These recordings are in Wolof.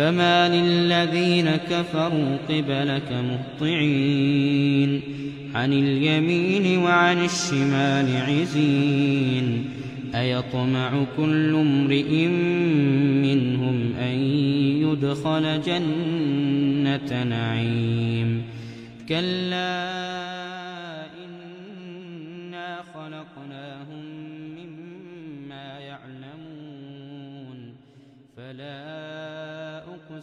فما للذين كفروا قبلك مهطعين عن اليمين وعن الشمال عزين أيطمع كل امرئ منهم أن يدخل جنة نعيم كلا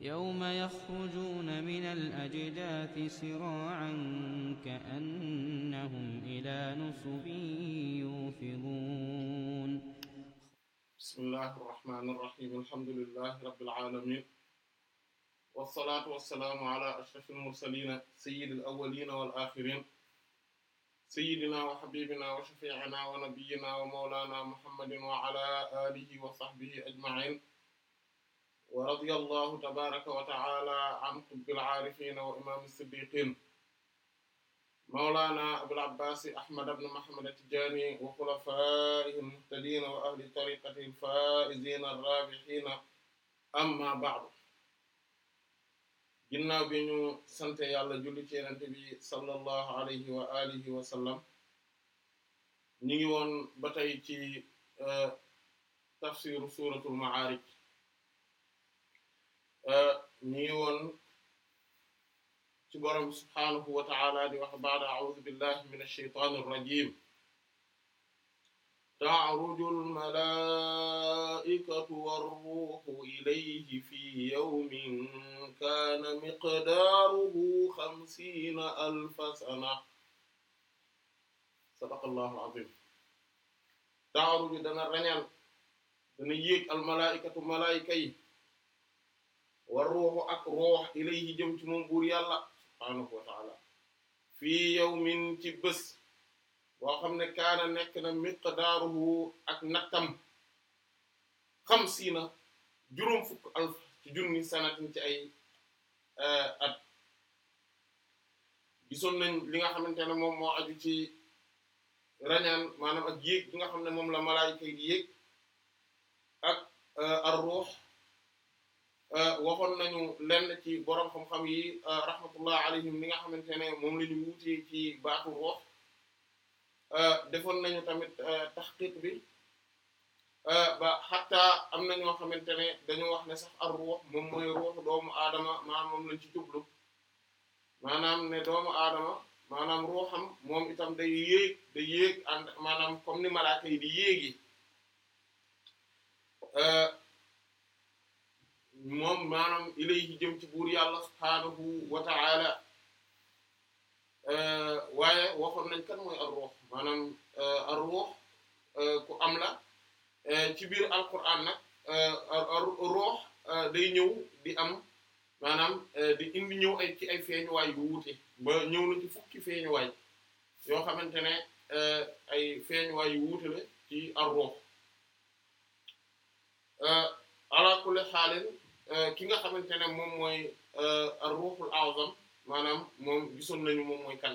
يوم يخرجون من الأجداث سراعا كأنهم إلى نصب يوفضون بسم الله الرحمن الرحيم الحمد لله رب العالمين والصلاة والسلام على أشرف المرسلين سيد الأولين والآخرين سيدنا وحبيبنا وشفيعنا ونبينا ومولانا محمد وعلى آله وصحبه أجمعين wa radiyallahu tabaraka wa ta'ala an qutbil aarifin wa imam as-siddiqin mawlana abul abbas ahmad ibn muhammad at-tijani wa khulafaihi al-muhtadin wa ahli tariqatihi al-faizin ar-rabihin amma ba'du ginnaaw bi ñu sante yàlla julli ci yonent bi sallallahu alayhi wa alihi wa sallam ñu ngi woon ba tey ci euh, tafsiru suratul ma'arij ñu ngi woon ci borom subhaanahu wa ta'ala di wax ba'da a'uudu billahi minash shaytaanir rajiim ta'ruju al-malaa'ikatu war-ruuhu ilayhi fi yawmin kaana miqdaaruhu xamsiina alfa sana sadaqallahu al-aziim ta'ruju dana rañal dana yéeg al-malaa'ikatu malaa'ika yi war ruuxu ak ruux ilayhi jëm ci moom buur yàlla subhaanahu wa ta'ala fii yawmin ci bés boo xam ne kaana nekk na miqdaaruhu ak nattam xamsiina juróom fukk alf ci junni sanatin ci ay eh, at gisoon nañ li nga xamante ne moom moo aju ci rañaan maanaam ak yéeg bi nga xam ne moom la malaayika yi yéeg ak eh, ruux Euh, waxoon nañu lenn ci borom xam-xam yi euh, rahmatullah alayhim ni nga xamante ne moom la ñu ci baatu ruux euh, defoon nañu tamit taxqiq bi ba xatta am na ñoo xamante ne dañu wax ne sax ar ruux moom mooy ruux doomu aadama maanaam moom lañ ci jublu maanaam ne doomu aadama maanaam ruuxam moom itam day yéeg day yéeg ànd maanaam ni malaaka yi yéegi. moom maanaam ilayhi jëm ci buur yàlla subhaanahu wata ta'ala euh, waaye waxoon nañ kan mooy ar-ruh maanaam euh, ar-ruh euh, ku am la ci biir alquran nag ar-ruh day ñëw di am maanaam di indi ñëw ay ci ay feeñuwaay yu wuute ba ñëw na ci fukki feeñuwaay yoo xamante ne ay feeñuwaay yu wuute la ci ar-ruh ala kulli xaalin Euh, ki nga xamante ne moom mooy ar-ruhul euh, a'zam maanaam moom gisoon nañu moom mooy kan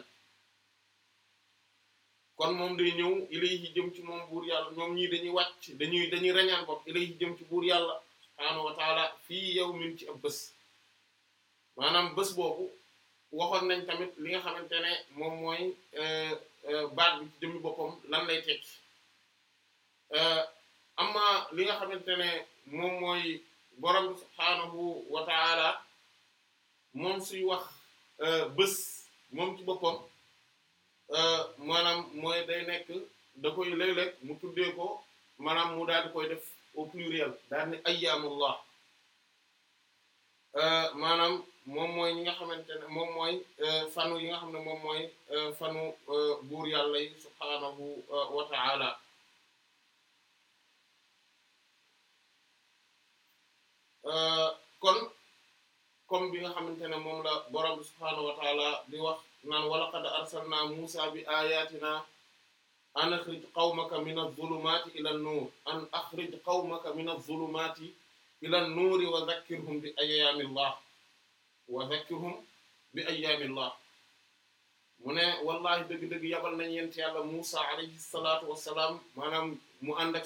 kon moom day ñëw lay jëm ci moom buur yàlla ñoom ñii dañuy wàcc dañuy dañuy rañaan bopp ilayhi jëm ci buur yàlla subhaanahu wa taala fii yawmin ci ab bës maanaam bës boobu waxoon nañ tamit li nga xamante ne moom mooy euh, baat bi ci jëmmi boppam lan lay tekki amma li nga xamante ne moom mooy borom bi subhaanahu wa si moom suy wax euh, bés moom ci boppam euh, maanaam mooy day nekk da koy léeg-léeg mu tuddee ko maanaam mu daal di koy def au pluriel daal ni ayyaamullah euh, maanaam moom mooy ñi nga xamante ne moom mooy fanu yi nga xam ne moom mooy fanu buur yàlla yi subhaanahu Euh, kon bi nga xamante ne moom la borom bi subhaanahu wa di wax naan wa laqad arsalna Musa bi ayatina an axrij qawmaka min az-zulumati ila an-nur an axrij qawmaka min az-zulumati ila an-nur wa dhakkirhum bi ayyamillah wa bi ayyamillah mu ne wallahi dëgg-dëgg yabal nañ yent yàlla Musa alayhi salaatu wassalaam maanaam mu ànd ak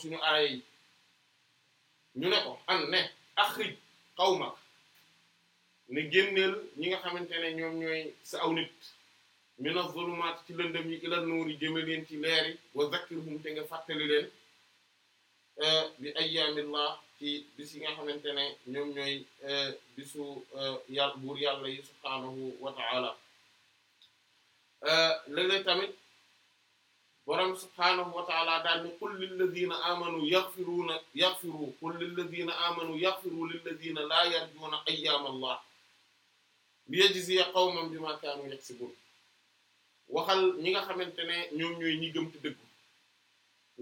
suñu aaya ñu ne ko an ne axrij qawmak ne génneel ñi nga xamante ne ñoom ñooy sa aw nit mina zulumaat ci lëndëm yi ila nuur yi jëme leen ci leer yi wa zakkirhum te nga fàttali leen eh, bi ayyaamillah ci bis yi nga xamante ne ñoom ñooy eh, bisu eh, yàlla buur yàlla yi subhaanahu wa ta'ala léeg tamit borom subhaanahu wa taala daal ni qul lilladina amanu yaghfiruuna yaghfiru qul lilladina amanu yaghfiru lilladina laa yarjuuna ayyaama allah liyajziya qawman bima kaanu yaksibuun waxal ñi nga xamante ne ñoom ñooy ñi gëm te dëggu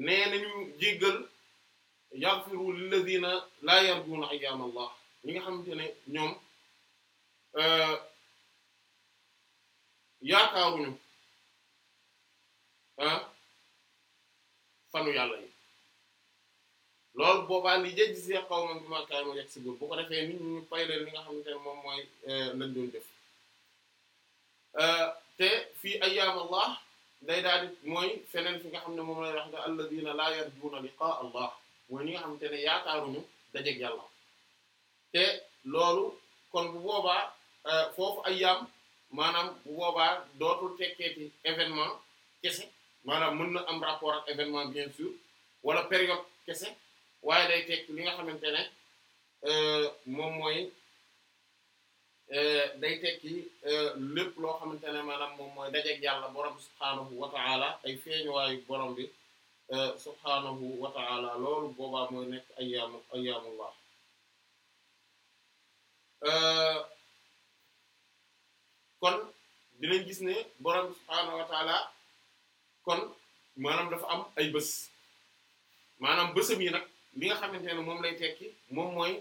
nee nañu jéggal yaghfiru lilladina laa yarjuuna ayyaama allah ñi nga xamante ne ñoom euh, yaakaaruñu ah, fanu yàlla yi loolu boobaa li jajzi qawman bimaa si yaksibuun boo ko defee nit ñu fay li nga xamante ne moom mooy euh, lañ doon def euh, te fii ayyaam allah day daal mooy feneen fi nga xam ne moom lay wax ne alladina la yarjuuna liqaa allah mooy ñi nga xamante ne yaakaaruñu dajeg yàlla te loolu kon bu boobaa euh, foofu ayyaam maanaam bu boobaa dootul tekkeeti événement kese maanaam mën na am rapport ak événement bien sûr wala période kese waaye day teg li nga xamante ne euh, moom mooy euh, day tekki euh, lépp loo xamante ne maanaam moom mooy dajeeg yàlla borom bi subhaanahu wa ta'ala ay feeñuwaayu borom bi subhaanahu wa ta'ala loolu boobaa mooy nekk ayyaamu ayyaamullah kon dinañ gis ne borom bi subhaanahu wa ta'ala kon maanaam dafa am ay bës maanaam bësam yi nag li nga xamante ne moom lay tekki moom mooy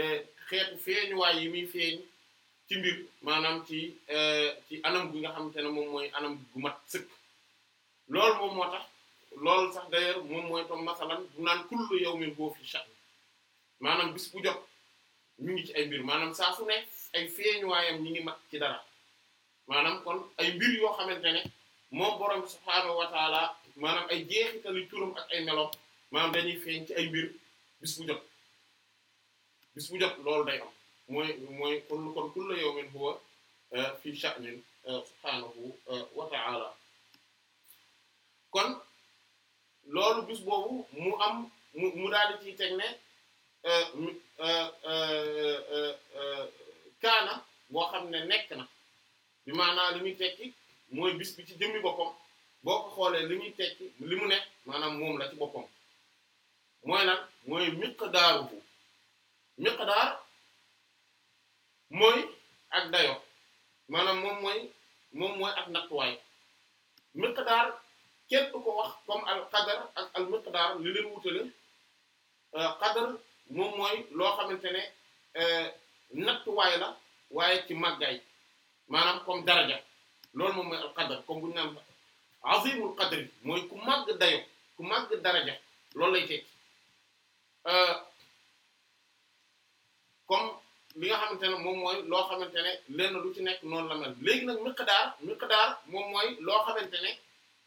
eh, xeetu feeñuwaay yi muy feeñ ci mbir maanaam ci eh, ci anam gi nga xamante ne moom mooy anam gu mat sëkk loolu moom moo tax loolu sax d'ailleurs moom mooy tom masalan bu naan kullu yawmin huwa fi sha'n maanaam bis bu jot ñu ngi ci ay mbir maanaam saa ne ay feeñuwaayam ñu ngi mat ci dara maanaam kon ay mbir yoo xamante ne moom borom bi subhaanahu wa taala maanaam ay jeexitali turam ak ay melo maanaam dañuy feeñ ci ay mbir bis bu jot bis bu loolu day am mooy mooy kon kon kullu huwa uh, fi sha'nin uh, subhaanahu uh, wa taala kon loolu bis boobu mu am mu mu daal di ciy teg ne kaana boo xam ne nekk na bi maanaa li muy mooy bis bi ci jëmmi boppam boo ko xoolee li muy tekki li mu nekk maanaam moom la ci boppam mooy lan mooy miqdaaruhu miqdaar mooy ak dayo maanaam moom mooy moom mooy ak nattuwaay miqdaar kenn du ko wax comme al qadar ak al miqdaar li leen wutale euh, qadar moom mooy loo xamante ne euh, nattuwaay la waaye ci màggaay maanaam comme daraja loolu moom mooy alqadar comme bu ñu naan azimul qadri mooy ku màgg dayo ku màgg daraja loolu lay tekki euh, comme li nga xamante ne moom mooy loo xamante ne lenn lu ci nekk noonu la mel léegi nag miqdaar miqdaar moom mooy loo xamante ne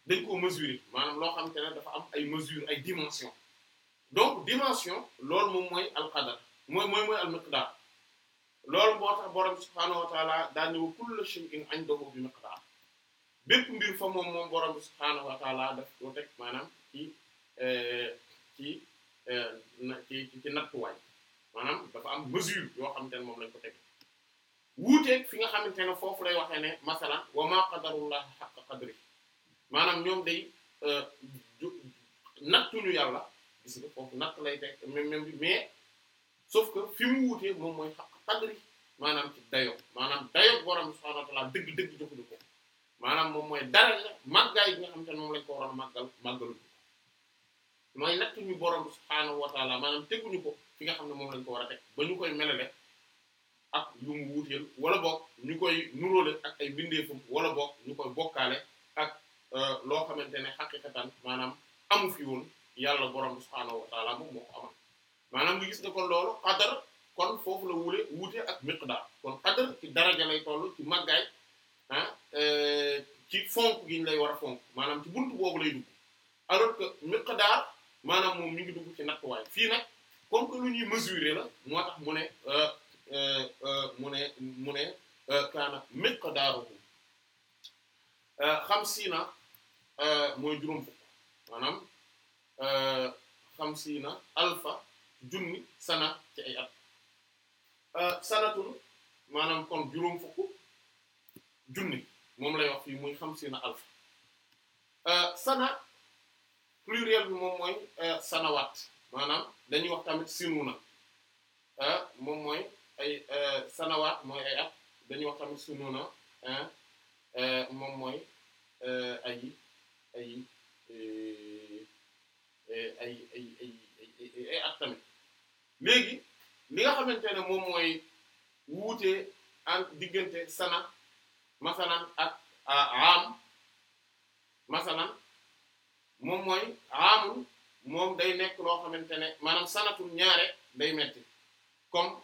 dañ koo mesurer maanaam loo xamante ne dafa am ay mesure ay dimension donc dimension loolu moom mooy alqadar mooy mooy mooy almiqdaar loolu moo tax borom subhaanahu wa taala daañu ne wa kullu shay'in indahu bi fa moom moom borom bi subhaanahu wa ko teg maanaam eh, eh, ci ci ci nattuwaay maanaam dafa am mesure yoo xamante ne moom lañ ko teg wuuteeg fi nga xamante ne foofu lay waxee ne masalan wa maa qadarullah haqqa qadri maanaam ñoom day eh, nattuñu yàlla gis nga foofu natt lay mais sauf que fi mu wuutee moom mooy xaq qadri maanaam ci dayo maanaam dayo borom subhaanahu wa ta'aala dëgg dëgg joxuñu ko maanaam moom mooy dara la màggaay bi nga xam te ne moom lañ ko war a màggal màggaluñ ko mooy nattuñu borom subhaanahu wa ta'aala maanaam teguñu ko fi xam ne moom lañ ko war a teg ba ñu koy melale ak yu mu wuuteel wala boog ñu koy nuroole ak ay bindeefam wala boog ñu koy bokkaale ak euh, loo xamante ne xaqiqatan maanaam amu fi woon yàlla borom subhaanahu wa ta'aala moom moo ko amal maanaam nga gis ne kon loolu qadar kon foofu la wure wuute ak miqdaar kon qadr ci daraja lay toll ci màggaay ah eh, ci fonk gi ñu lay war fonk maanaam ci buntu boobu lay dugg alors que miqdaar maanaam moom ñu ngi dugg ci nattuwaay fii nag comme que lu ñuy mesurer la moo tax mu ne euh, euh, euh, mu ne mu ne kaana miqdaaruhu xam siina mooy juróom fukk maanaam xam na alfa junni sana ci ay at Euh, sanatun maanaam kon juróom fukk junni moom lay wax fii muy xam si na alf euh, sana pluriel bi moom mooy euh, sanawaat maanaam dañuy wax tamit sununa moom mooy ay sanawaat mooy ay at dañuy wax tamit na moom mooy ay ay ay ay ay ay at tamit léegi li nga xamante ne moom mooy wuute ak diggante sana masalan ak ah, aam masalan moom mooy aamul moom day nekk loo xamante ne maanaam sanatul ñaare day metti comme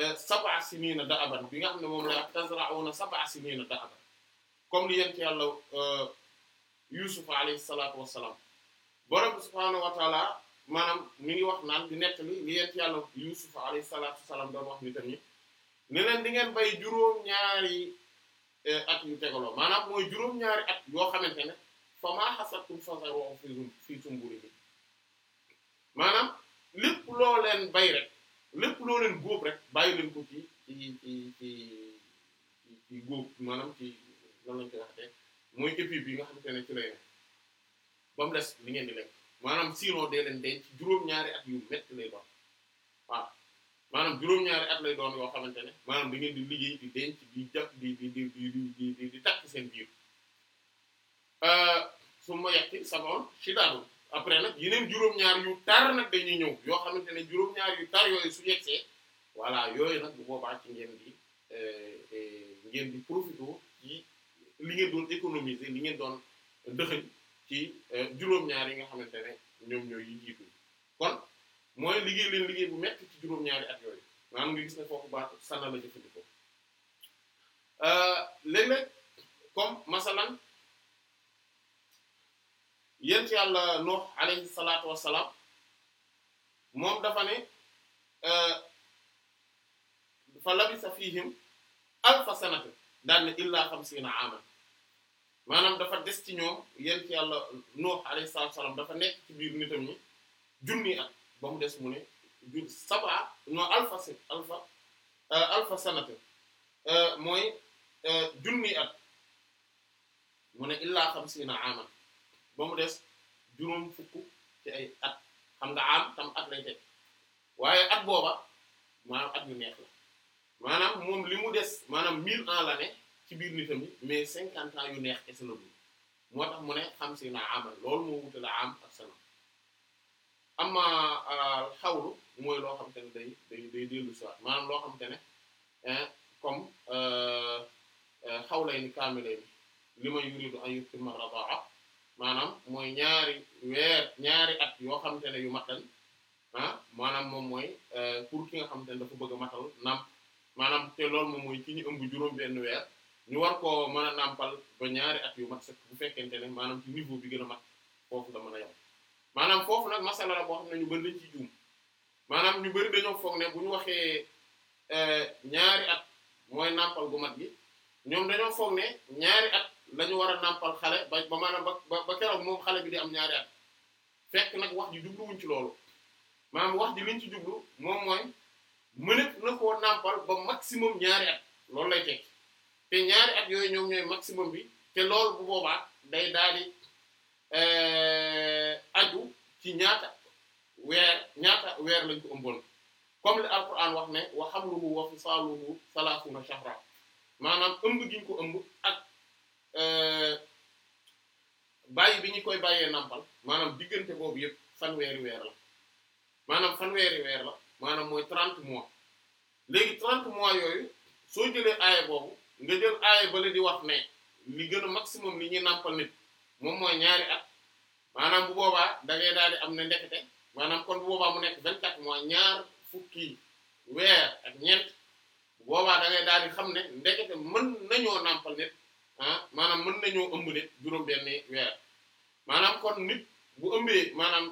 euh, sab'a da da'aban bi nga xam ne moom la tazra'una sab'a sinina da'aban comme li yent yàlla euh, Yusuf alayhi salaatu wassalaam borom subhaanahu wa maanaam mi ngi wax naan di nettali li yent yàlla Yuusuf alayhi salaatu wasalaam doon wax ni tamit ne leen di ngeen bay juróom-ñaari eh, at yu tegaloo maanaam mooy juróom-ñaari at yoo xamante ne fa maa xasattum fazaruu fii sunbulihi maanaam lépp loo bay rek lépp loo leen góob rek bàyyi leen ko ci góob maanaam ci lan lañ koy waxee mooy épi bi nga xamante ne ci lay ne ba mu li ngeen di lekk. maanaam sinon dee leen denc juróom-ñaari at yu métti lay doon waaw maanaam juróom-ñaari at lay doon yoo xamante ne maanaam da ngeen di liggéey di denc di jàpp di di di di di takk seen biir euh, su ma yàq sabon si daanu après nag yeneen juróom-ñaar yu tar nag dañuy ñëw yoo xamante ne juróom-ñaar yu tar yooyu su yegsee voilà yooyu nag bu boobaa ci ngeen di euh, ngeen di profité ci li ngeen doon économiser li ngeen doon dëxëñ. ci euh, juróom-ñaar yi nga xamante ne ñoom ñooy yi jiitu kon mooy liggéey leen liggéey bu metti ci juróom-ñaari at yooyu maanaam nga gis ne foofu baatu sana la jëfandikoo euh, léeg-léeg comme masalan yent yàlla Nuh alayhi salaatu wassalaam moom dafa ne euh, fa labisa fihim alfa sanata daan ne illaa xamsiina aaman maanaam dafa des ci ñoom yent yàlla Nuux alayhi dafa nekk ci biir nitam ñi junni at ba mu des mu ne alfa si alfa euh, euh, mooy euh, junni at mu ne illaa xamsiina aaman ba mu des juróom fukk ci ay at xam nga am tam at lay waaye at booba maanaam at yu neex la maanaam moom li mu des maanaam mille ans la ne ci biir nitam yi mais cinquante ans yu neex kese la dund moo tax mu ne xam si na amal loolu moo wute la am ak sana amma euh, xawlu mooy loo xam te ne day day day dellu maanaam loo xam te ne comme euh, euh, xawlay ni kaamilay ni li ma maanaam mooy ñaari ñaari at yoo xam ne yu matal ah, maanaam moom mooy pour ki nga xam te ne dafa bëgg a matal nam maanaam te loolu moom mooy ci ñu ëmb juróom benn weer ñu war koo mën a nàmpal ba ñaari at yu mat sëkk bu fekkente ne maanaam ci niveau bi gën a mat foofu la mën a yem maanaam foofu nag masala la boo xam ne ñu bëri dañ ciy juum maanaam ñu bëri dañoo foog ne bu ñu waxee euh, ñaari at mooy nàmpal bu mag bi ñoom dañoo foog ne at la war a nàmpal xale ba ba maanaam ba ba keroog moom xale bi di am ñaari at fekk nag wax ji jubluwuñ ci loolu maanaam wax ji liñ ci jublu moom mooy mëneef na koo nàmpal ba maximum ñaari at loolu lay tekki. te ñaari at yooyu ñoom ñooy maximum bi te lool bu boobaa day daal di euh, aju ci ñaata weer ñaata weer lañ ko ëmboon comme li alquran wax ne wa hamluhu wa fisaaluhu salaasuuna shahra maanaam ëmb gi ñu ko ëmb ak euh, bàyyi bi ñu koy bàyyee nampal maanaam diggante boobu yëpp fanweeri weer la maanaam fanweeri weer la maanaam mooy 30 mois léegi 30 mois yooyu soo jëlee aaya boobu. nga jël aaya bale di wax ne li gën a maximum li ñuy nàmpal nit moom moo ñaari at maanaam bu boobaa da ngay daal di am ne ndekete maanaam kon bu boobaa mu nekk vingt-quatre mois ñaar fukki weer ak ñeent bu boobaa da daal di xam ne ndekete mën nañoo nàmpal nit ah maanaam mën nañoo ëmb nit juróom-benn weer maanaam kon nit bu ëmbee maanaam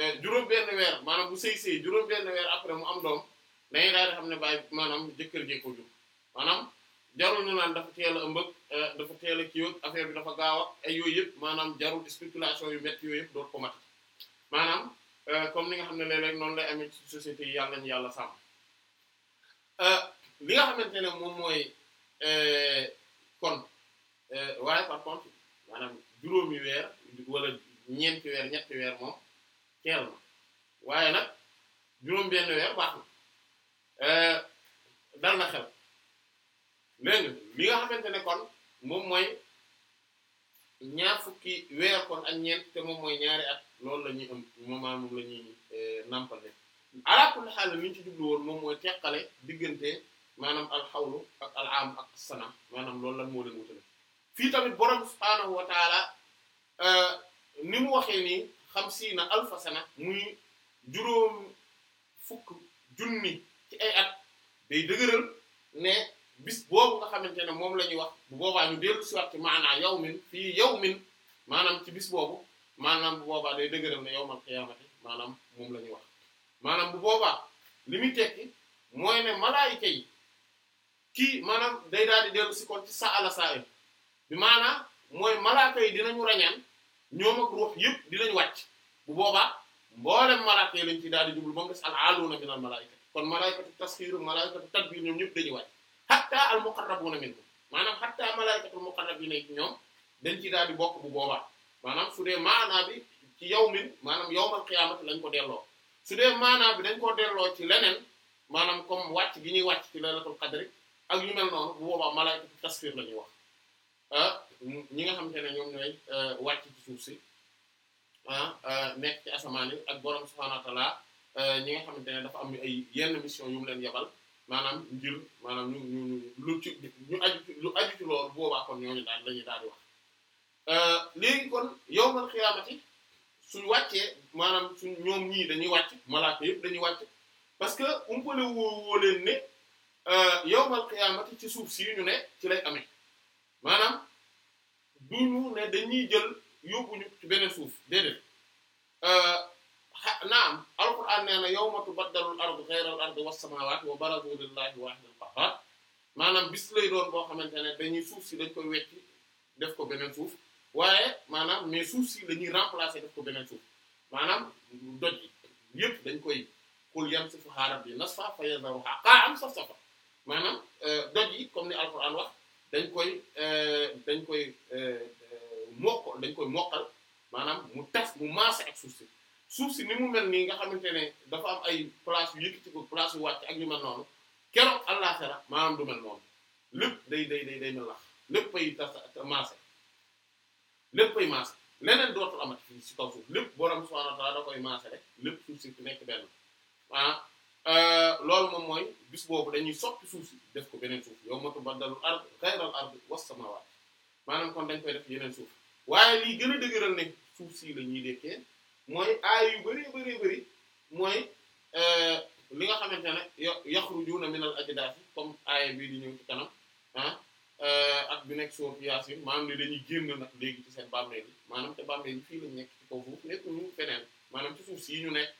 eh, juróom-benn weer maanaam bu sëy sëy juróom-benn weer après mu am doom dañuy daal di xam ne bàyyi maanaam jëkkër jee ko jur jarul ñu naan dafa teel a ëmb euh, dafa teel a kii bi dafa gaaw ak ay yooyu yëpp maanaam jarul spéculation yu métti yooyu yëpp dootu ko mat maanaam euh, comme ni nga xam ne léeg-léeg noonu lay amee ci société yàlla ñu yàlla sàmm euh, li nga xamante ne moom mooy kon waaye par maanaam juróomi weer wala ñeenti weer ñetti weer moom teel na waaye nag juróom benn weer baax na dal na xel dégg li nga xamante ne kon moom mooy ñaar fukki weer kon ak ñeent te moom mooy ñaari at loolu la ñuy am moment moom la ñuy eh, nampale ala kulli xaal li ñu ci jublu woon moom mooy teqale diggante maanaam alxawlu ak alaam ak sana maanaam loolu la moo leen wutale fii tamit borom subhaanahu wa taala eh, waxee ni xam siina alfa sana muy juróom fukk junni ci ay at day dëgëral ne. bis boobu nga xamante ne moom la ñuy wax bu boobaa ñu dellu si waat ci maanaam yow min fii yow min maanaam ci bis boobu maanaam bu boobaa day dëgëral ne yawmal qiyaamati maanaam moom la ñuy wax maanaam bu boobaa li muy tekki mooy ne malaayika yi kii maanaam day daal di dellu si kon ci sa ala saa bi maanaam mooy malaaka yi dinañu rañaan ñoom ak ruux yëpp dinañ wàcc bu boobaa mboolem malaaka yi lañ ci daal di jublu ba mu des a aaluuna minal malaayika kon malaayikatu tasxiir malaayikatu tadbiir ñoom ñëpp dañuy wàcc. hatta al muqarrabuna minhu maanaam hatta malaikatul muqarrabina ñoom dañ ci daal di bokk bu boobaa maanaam su dee maanaa bi ci yawmin maanaam yawmal qiyaamati lañ ko delloo su dee maanaam bi dañ ko delloo ci leneen maanaam comme wàcc gi ñuy wàcc ci laylatul qadri ak yu mel noonu bu boobaa la ñuy wax ah ñi nga xamante ne ñoom ñooy ah, wàcc ci suuf si ah, ah nekk ci asamaan yi ak borom subhaanahu wa ta'aala ah, ñi nga xamante ne dafa am ay yenn mission yu mu leen yebal. maanaam ngir maanaam ñu ñu lu ci ñu aju ci lu aju ci loolu boobaa kon ñooñu daal lañuy daal di wax euh, léegi kon yowmal xiyaamati suñ wàccee maanaam suñ ñoom ñii dañuy wàcc malaaka yëpp dañuy wàcc parce que umpale woo woo leen ne euh, yowmal xiyaamati ci suuf si ñu ne ci lay amee maanaam duñu ne dañuy jël yóbbuñu ci beneen suuf déedéet euh, am alquran nee na yawma tubaddalul ardu ghayral ardi was samawati wa barazu lillahi wahidil qahhar maanaam bis lay doon boo xamante ne dañuy suuf si dañ koy wecci def ko beneen suuf waaye maanaam mais suuf si la ñuy def ko beneen suuf maanaam doj yëpp dañ koy kul yansifuha rabbi nasfa fa yadharuha qa'an safsafa maanaam euh, doj yi comme ni alquran wax dañ koy euh, dañ koy euh, mokk dañ koy mokkal maanaam mu tas mu maase ak suuf si suuf si ni mu mel nii nga xamante ne dafa am ay place yu yëkkati ko place yu wàcc ak yu mel noonu keroog àllaaxira maanaam du mel noonu lépp day day day day mel lax léppay tasa maase léppay maase leneen dootul amati si kaw suuf lépp borom subhaanahu wa ta'aala da koy suuf si ah, euh, loolu moom mooy bis boobu dañuy soppi suuf si def ko beneen suuf yow matu baddalul ard xayral ard was samaawaat maanaam kon dañ koy def yeneen suuf waaye lii gën a dëgëral ne suuf si la ñuy dekkee. mooy aay yu bari bari bari mooy euh, li nga xamante ne yaxrujuuna minal ajdaasi comme aaya bii di ñëw ci kanam ah euh, ak bi nekk soo sourate Yaasin maanaam ne dañuy génn nag léegi ci seen bàmmeel yi maanaam te bàmmeel yi fii ci suuf si ñu nekk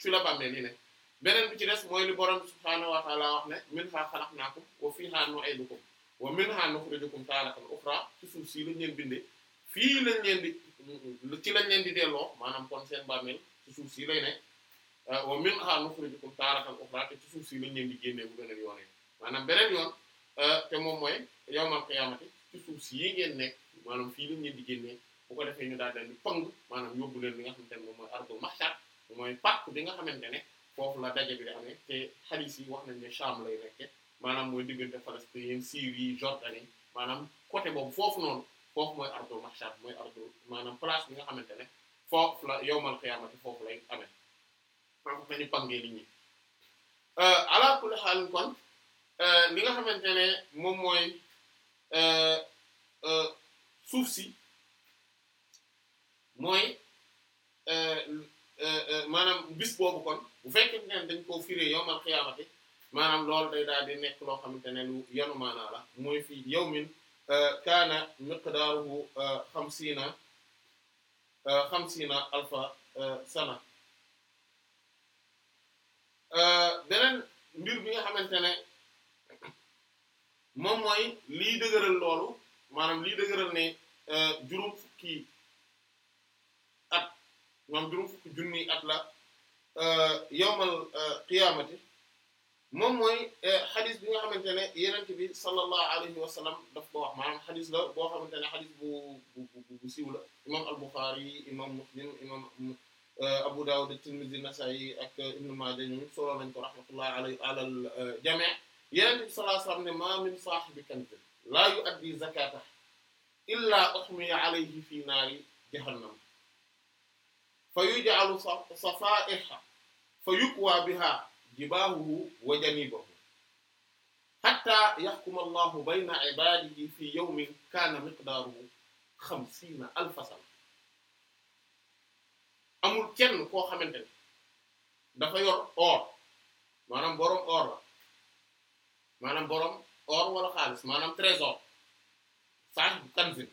fi la bàmmeel yi nekk beneen bi ci des mooy li borom subhaanahu wa ta'aala wax ne minhaa xalaqnaakum wa fiihaa nu'iidukum wa minhaa nuxrijukum taaratan uxraa ci suuf si lañ leen bindee fii lañ leen di lu ci lañ leen di delloo maanaam kon seen bàmmeel ci suuf si lay ne euh, wa minhaa nukhrijukum taaratan ukhraa te ci suuf si lañ leen di génnee bu beneen yoon yi maanaam beneen yoon euh, te moom mooy yawmal qiyaamati ci suuf si yi ngeen nekk maanaam fii lañ leen di génnee bu ko defee ñu daal leen di pang maanaam yóbbu leen li nga xam ne moom mooy ardul mahshar mooy pàcc bi nga xamante ne foofu la daje bi di amee te hadith yi wax nañ ne Sham lay nekke maanaam mooy diggante Palestine Syrie Jordanie maanaam côté boobu foofu noonu foofu mooy ardu mahshar mooy ardu maanaam place bi nga xamante ne foofu la yowmal qiyaamati foofu lay amee foofu la ñu pangee nit ñi euh, ala kulli xaal kon euh, li nga xamante ne moom mooy euh, suuf si mooy maanaam bis boobu kon bu fekkee ne dañ koo firee yowmal qiyaamati maanaam loolu day daal di nekk loo xamante ne lu yanu la mooy fii yawmin kaana miqdaaruhu uh, xamsiina uh, xamsiina alfa uh, sana beneen mbir bi nga xamante ne moom mooy liy dëgëral loolu maanaam liy dëgëral ne juróom fukki at maanaam juróom la yawmal qiyaamati moom mooy eh, xadis bi nga xamante ne yenent bi sallallahu alayhi wa sallam daf ko wax maanaam xadis la boo xamante ne xadis bu bu bu siiw la imam al-Bukhari imam Muslim imam eh, Abu Dawud at-Tirmidhi Nasa'i ak Ibn Majah ñoom ñëpp solo nañ ko rahmatullahi alayhi ala al-jami' eh, yenent bi sallallahu alayhi wa sallam ne ma min sahibi kanz la yu'addi zakata illa uhmiya alayhi fi naari jahannam fa yuj'alu safaiha fa yukwa biha jibaahuhu wa janiibahu hatta yahkuma Allahu bayna ibaadihi fi yawmin kaana miqdaaruhu xamsiina alfa sana amul kenn koo xamante ne dafa yor or maanaam boroom or la maanaam boroom or wala xaalis maanaam trésor saahibu kanzin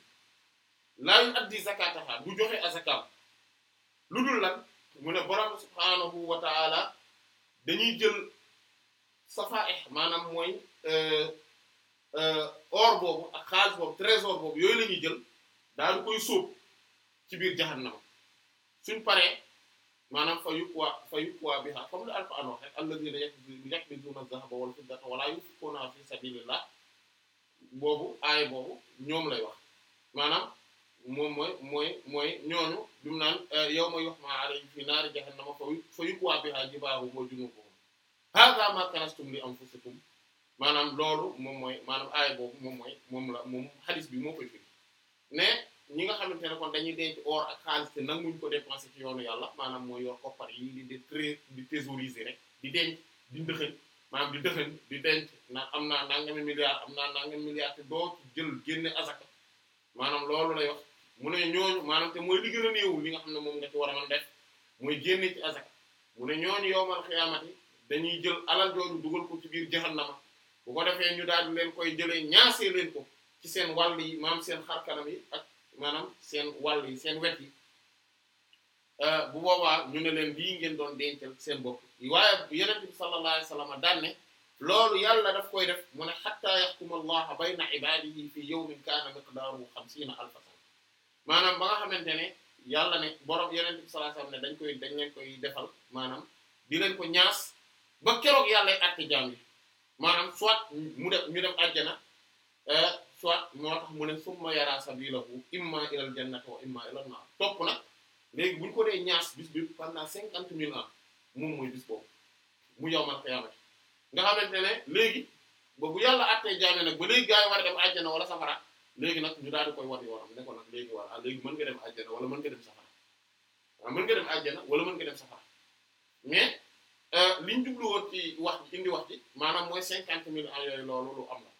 laa yu'addi zakaataha du joxe azakaam lu dul lan mu ne boroom subhaanahu wa ta'ala dañuy jël safaih eh, maanaam mooy euh, euh, or boobu ak xaalis boobu trésor boobu yooyu la jël daal koy sóob ci biir jahannama suñ paree maanaam fa yukwaa fa yukwaa biha comme bi alquran wax rek alladhina yaknizuna adh-dhahaba wal fiddata wala yunfiquna fi sabilillah boobu aay boobu ñoom lay wax maanaam moom mooy mooy mooy ñooñu bi mu naan euh, yawma yuhma alayhi fi naari jahannama fa yukwaa bihaa jibaahuhum wa junuubuhum haazaa maa kanaztum li anfusikum maanaam loolu moom mooy maanaam aaya boobu moom mooy moom la moom hadith bi moo koy firi mais ñi nga xamante ne kon dañuy denc or ak xaalis te nanguñ ko dépenser ci yoonu yàlla maanaam mooy yor koppar yi di di tré di thésauriser rek di denc di ndëxëñ maanaam di dëxëñ di denc na am naa nangami milliards am naa nangami milliards te doo ci jël génne azaka maanaam loolu lay wax mu ne ñooñu maanaam te mooy li gën a néew nga xam ne moom nga ci war a mën def mooy génne ci azaka mu ne ñooñu yowmal xiyaamati dañuy jël alal jooju dugal ko ci biir jahannama bu ko defee ñu daal di leen koy jëlee ñaasee leen ko ci seen wàll yi maanaam seen xar kanam yi ak maanaam seen wàll yi seen wet yi euh, bu boobaa ñu ne leen lii ngeen doon dencal seen bopp waaye yeneen bi sallallahu alayhi wasallam ne loolu yàlla daf koy def mu ne xataa yaxkuma allaha bayna ibadihi fi yawmin kaana miqdaaruhu xamsiina alfa sana maanaam ba nga xamante ne yàlla ne borom yeneen bi sallallahu ne dañ koy dañ leen koy defal maanaam di leen ko ñaas ba keroog yàlla ay àtte jaam yi maanaam soit mu dem ñu dem àjjana euh, soit moo tax mu ne summa yara sabilahu imma ilal jannati wa imma ilal naar topp nag léegi buñu ko dee ñaas bis bi pendant cinquante mille ans moom mooy bis mu yowmal qiyaamati nga xamante ne léegi ba bu yàlla àttee jaame ne ba léegi gaa yi war a dem àjjana wala safara léegi nag ñu daal di koy war yoonam ne ko nag léegi wala léegi mën nga dem àjjana wala mën nga dem safara waaw mën nga dem àjjana wala mën nga dem safara mais euh, liñ jubluwoon ci wax ji indi wax ji maanaam mooy cinquante mille ans yooyu loolu lu am la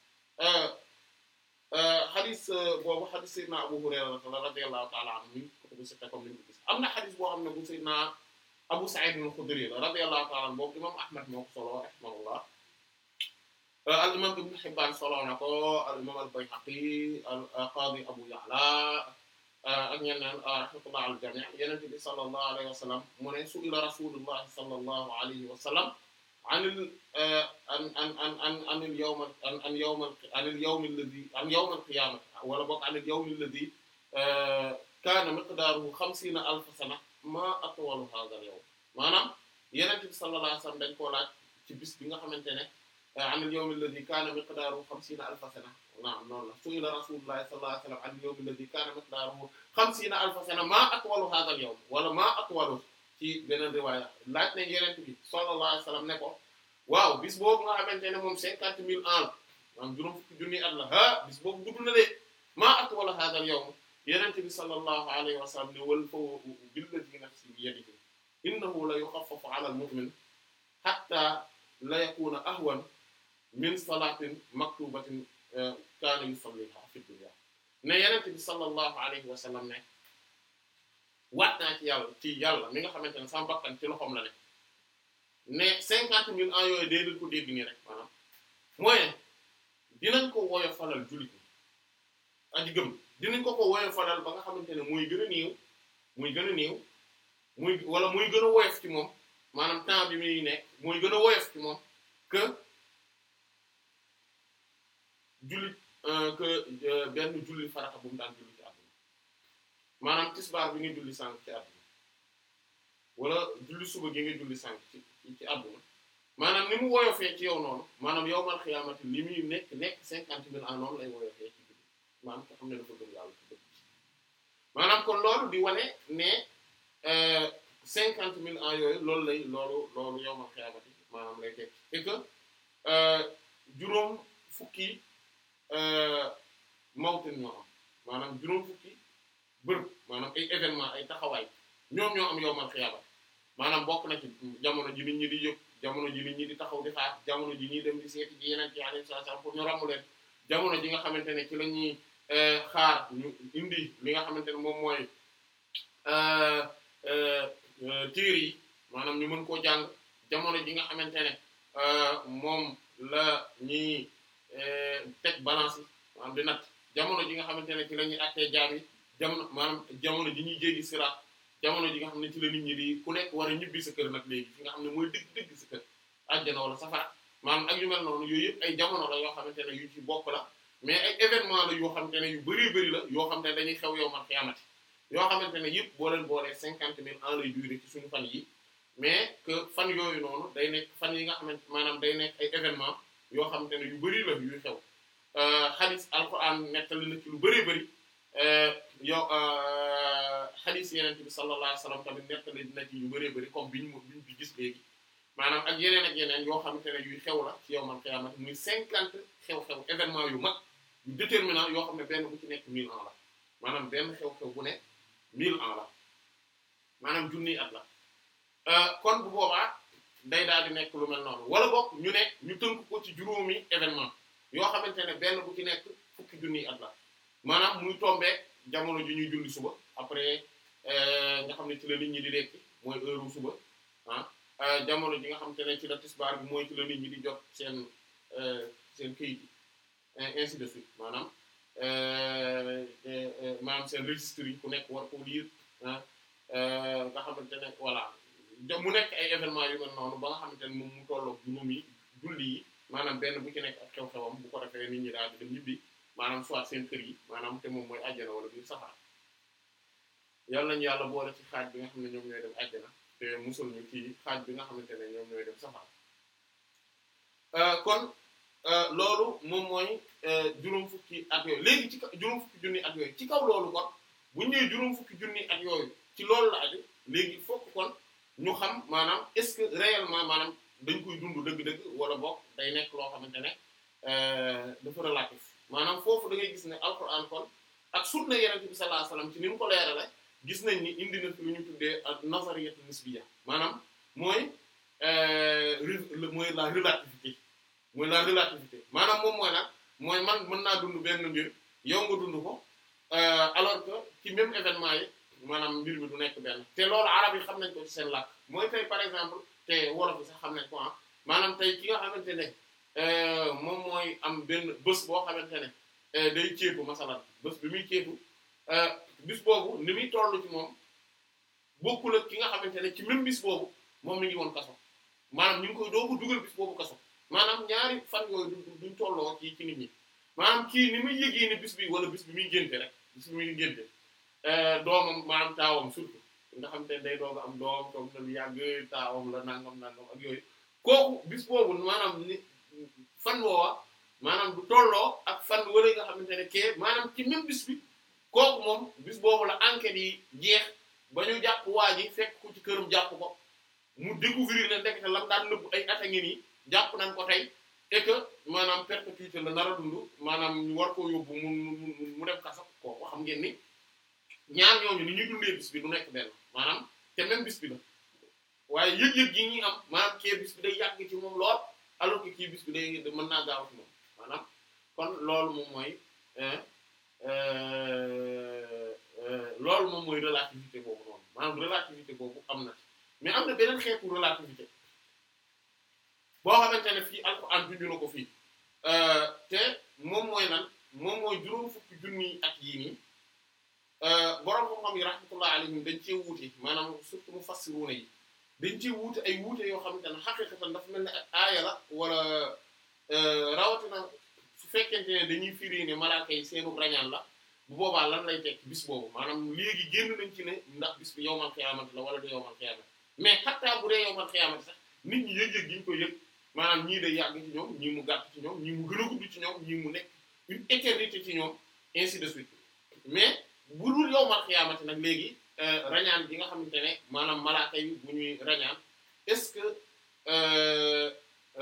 xadis euh, euh, boobu xadis Seydina Abu Hurayra radiyallahu ta'ala anhu ñu ko bu sette comme liñu ko gis am na xadis boo xam ne bu Seydina Abu Sa'id al-Khudri la radiyallahu ta'ala anhu boobu imam Ahmad moo ko solo rahimahullah euh, al imam Ibn Hibban solo na ko al imam al-Bayhaqi al-Qadi euh, Abu Ya'la euh, ak ñeneen rahmatullah al jami' Yonent bi sallallahu alayhi wa sallam mu ne su'ila rasulullah sallallahu alayhi wa sallam an an an an an al-yawm an an yawm an al-yawm alladhi an yawm al-qiyamah wala boog an al-yawm alladhi kana miqdaruhu 50 alf sana ma atwalu haadal yawm maanaam yonent bi sallallahu alayhi wa dañ koo laaj ci bis bi nga xamante ne eh, anil yawmi alladhi kaana miqdaaruhu xamsiina alfa sana naam noonu la su'ila rasulullahi sallallahu alayhi wa sallam anil yawmi alladhi kaana miqdaaruhu xamsiina alfa sana maa atwalu haadal yawm wala maa atwalu ci beneen riwaaya laaj nañ yonent bi sallallahu wa sallam ne ko waaw bis boobu nga xamante ne moom cinquante mille ans la maanaam juróom fukki bis boobu gudd na de maa atwalu haadal yawm yenente bi sallallahu alayhi wa sallam ne wal fawwahu billati nafsi bi yadihi la yukhaffafu ala al-mu'min hatta la yakuna ahwan min salatin maktubatin eh, kaana yusalliha fi dunya ne yenente bi sallallahu alayhi wa ne waat ci yàlla ci yàlla mi nga xamante ne sama bakkan ci loxoom la ne ne cinquante mille ans yooyu déedéet ko dégg nii rek maanaam mooy dinañ ko woyofalal jullit ñi aji gëm dinañ ko ko woyofalal ba nga xamante ne mooy gën a néew muy gën a néew muy wala muy gën a woyof ci moom maanaam temps muy nekk muy gën a woyof ci moom que jullit euh, que euh, benn julli farata bu mu daan julli ci àdduna maanaam tisbaar bi nga julli sànq ci àdduna wala julli suba gi nga julli sànq ci ci àdduna maanaam ni mu woyofee ci yow noonu maanaam yow mal xiyaamati li muy nekk nekk cinquante mille en noonu lay woyof maanaam ko xam ne dafa gëm yàlla ci dëgg maanaam kon loolu di wane ne euh, cinquante mille en yooyu loolu lay loolu loolu yow ma xiyaamati maanaam lay teg et euh, juróom fukki euh, mawtin ñoo am maanaam juróom fukki bërëb maanaam ay événement ay taxawaay ñoom ñoo am yow ma xiyaamati maanaam bokk na ci jamono ji nit ñi di yëpp jamono ji nit ñi di taxaw di xaar jamono ji ñuy dem di seeti ji yeneen ci alayhi salaam pour ñu leen jamono ji nga xamante ne ci la Eh, xaar indi li nga xamante ne moom mooy eh, eh, tiir yi maanaam ñu mën koo jàng jamono ji nga xamante ne moom la ñuy teg balance yi maanaam di natt jamono ji nga xamante ne ci la ñuy àttee jaam yi jamono maanaam ji ñuy jéggi siraat jamono ji nga xam ne ci la nit di ku nekk war a ñibbi sa kër nag fi nga xam ne mooy dëgg dëgg sa kër àjjana wala safara maanaam ak yu mel noonu yooyu yëpp ay jamono la yoo xamante ne yu ci bokk la mais ay événement la yoo xamante ne yu bari bëri la yoo xamante ne dañuy xew yow man xiyaamati yoo xamante ne yëpp boo leen boolee cinquante mille ans lay durer fan yi mais fan yooyu noonu day nekk fan yi nga xamante maanaam day nekk ay événement yoo xamante ne yu bari la yuy xew xadis euh, alquran nettali na ci lu bari bari euh, yow xadis euh, yeneen bi sallallahu alayhi wasallam tamit nettali dina ci yu bari bari comme biñu biñ gis léegi maanaam ak yeneen yeneen yoo xamante ne yuy xew la ci yow man xiyaamati muy cinquante xew-xew événement yu mag yu déterminant yoo xam ne benn bu ci nekk mille ans la maanaam benn xew-xew bu nekk mille ans la maanaam junniy at la euh, kon bu boobaa day daal di nekk lu mel noonu wala bokk ñu ne ñu tënk ko ci juróomi événement yoo xamante ne benn bu ci nekk fukki junniy at la maanaam muy tombé jamono ji ñuy julli suba après euh, nga xam ne ci la nit ñi di lekki mooy heure suba ah, euh, jamono ji nga xamante ne ci la tisbaar bi mooy ci la nit ñi di jot seen seen këyit ainsi de suite maanaam euh, euh, euh, maanaam seen registre yi ku nekk war koo lire nga xamante ne voilà mu nekk ay événements yu mel noonu ba nga xamante ne moom mu tolloog juróom yi julli yi maanaam benn bu ci nekk ak xew-xewam bu ko defee nit ñi daal di dem ñibbi maanaam soit seen kër yi maanaam te moom mooy àjjana wala biir safara yàlla nañu yàlla boole ci xaaj bi nga xam ne ñoom ñooy dem àjjana te musul ñu ci xaaj bi nga xamante ne ñoom ñooy dem safara kon Euh, loolu moom mooy euh, juróom fukki at yooyu léegi ci juróom fukki junni at yooyu ci kaw loolu kon bu ñu nee juróom fukki junni at yooyu ci loolu la aju léegi fokk kon ñu xam maanaam est-ce que réellement maanaam dañ koy dund dëgg-dëgg wala bokk day nekk loo xamante ne euh, dafa relatif maanaam foofu da gis ne alquran kon ak sunna yonent bi sallallahu alayhi ci ni ko ko la gis nañ ni indi na lu ñu tuddee ak nazariyatu nisbiyya maanaam mooy mooy la relativité mooy la relativité maanaam moom mooy nag mooy man mën naa dund benn mbir yow nga dund ko euh, alors que ci même événement yi maanaam mbir mi du nekk benn te loolu arab yi xam nañ ko ci seen làkk mooy tey par exemple te wolof yi xam nañ ko ah maanaam tey ki nga xamante ne euh, moom mooy am benn bés boo xamante ne euh, day ceebu masalan bés bi muy ceebu bis boobu ni muy toll ci moom bokkul ak ki nga xamante ne ci même bis boobu moom mi ngi woon kaso maanaam ñu ngi koy doogu kaso maanaam ñaari fan yooyu duñ tolloo ci ci nit ñi maanaam kii ni muy yëgee ni bis bi wala bis bi muy ngénte rek bis bi muy ngénte eh, doomam maanaam taawam surtout nga xam te day doog am doom comme te lu yàgg taawam la nangam nangam ak yooyu kooku bis boobu maanaam ni fan woowa maanaam du tolloo ak fan wala nga xamante ne kee maanaam ci même bis bi kooku moom bis boobu la enquête yi jeex ba ñu jàpp waa ji fekk ku ci këram jàpp ko mu découvrir ne ndekete lam daan nëbbu ay at jàpp nañ ko tey et que maanaam perpétuité la nar a dund maanaam ñu war koo yóbbu mu mu dem kasa kooku xam ngeen ni ñaar ñooñu ni ñuy dundee bis bi du nekk benn maanaam te même bis bi la waaye yëg-yëg gi ñuy am maanaam kii bis bi day yàgg ci moom lool alors que kii bis bi day mën naa gaaw ci moom maanaam kon loolu moom mooy euh, loolu moom mooy relativité boobu noonu maanaam relativité boobu am na mais am na beneen xeetu relativité boo xamante ne fii alquran junj na ko fii euh, te moom mooy lan moom mooy juróom fukki junni ak yii nii euh, borom xam yi rahmatullah alayhim dañ cee wuute maanaam surtout mu fassiruuna yi dañ cee wuute ay wuute yoo xam xamante ne xaqiqatan dafa mel ne ak aaya la wala euh, rawatina su fekkente ne dañuy firi ne malaaka yi seenu rañaan la bu boobaa lan lay tekk bis boobu maanaam léegi génn nañ ci ne ndax bis bi yowmal xiyaamati la wala du yowmal xiyaamati mais xattaa bu dee yowmal xiyaamati maanaam ñii day yàgg ci ñoom ñii mu gàtt ci ñoom ñii mu gën a gudd ci ñoom ñii mu nekk une éternité ci ñoom ainsi de suite mais bu dul yow mal xiyaamati nag léegi euh, rañaan bi nga xamante ne maanaam malaaka yi bu ñuy rañaan est-ce que euh,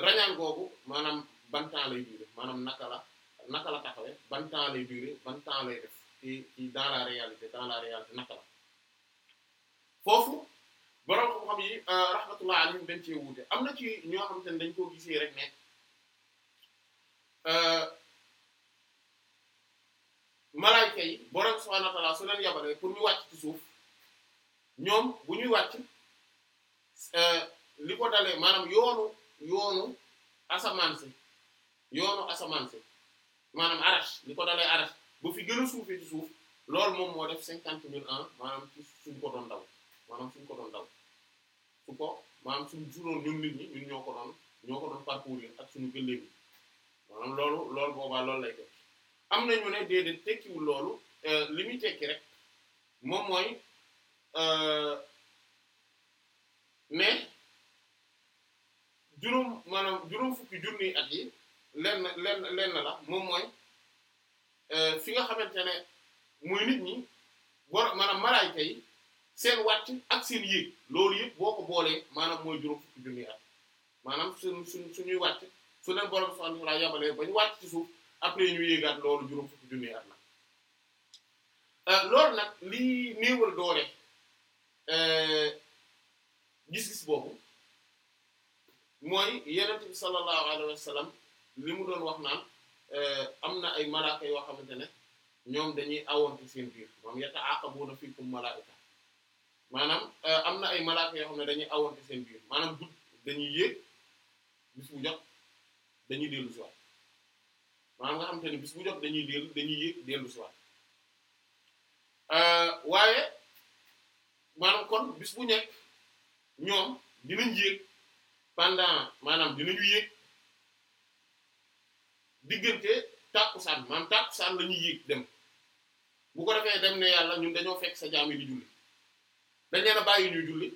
rañaan googu maanaam ban temps lay durer maanaam naka la naka la taxawee ban temps lay durer ban temps lay def ci dans la réalité dans la réalité naka la foofu borom xam yi euh, rahmatullah alayhim dañ am na ci ñoo xamante ne dañ koo gisee rek ne euh, malaayka yi borom subhanahu wa su leen yabalee pour ñu wàcc ci suuf ñoom bu ñuy wàcc euh, li ko dalee maanaam yoonu yoonu asamaan si yoonu asamaan si maanaam arash li ko dalee arash bu fi gën a suufee ci suuf loolu moom moo def cinquante mille ans maanaam ci suñ ko doon daw maanaam fu ko doon daw fu ko maanaam suñu juróom ñun nit ñi ñun ñoo ko doon ñoo ko doon parcourir ak suñu gëléem yi maanaam loolu loolu booba loolu lay def am na ñu ne déedéet tekkiwul loolu euh, li muy tekki rek moom mooy euh, ne juróom maanaam juróom fukki junniy at yi lenn lenn lenn la moom mooy euh, fi nga xamante ne muy nit ñi bor maanaam malaayka seen wàcc ak seen yéeg loolu yëpp boo ko boolee maanaam mooy juróom fukki junni maanaam suñ suñ suñuy wàcc su leen borom subhanahu wa ta'ala yabalee ba ñu wàcc ci suuf après ñu yéegaat loolu juróom fukki junni at la. Euh, loolu nag lii néewal doole euh, gis-gis boobu mooy yonent bi sallallahu alayhi wa li mu doon wax naan euh, am na ay malaaka yoo xamante ne ñoom dañuy awoon awante seen biir moom yataaqabuuna fiikum malaa'ika maanaam euh, am na ay malaaka yoo xam ne dañuy awante seen biir maanaam gudd dañuy yéeg bis bu jot dañuy dellu si waat maanaam nga xam te ne bis bu jot dañuy dellu dañuy yéeg dellu si waat euh, waaye maanaam kon bis bu nekk ñoom dinañ yéeg pendant maanaam dinañu yéeg diggante tàkkusaan maanaam tàkkusaan la ñuy yéeg dem bu ko defee dem ne yàlla ñun dañoo fekk sa jaam yi di julli dañ leen a bàyyi ñuy julli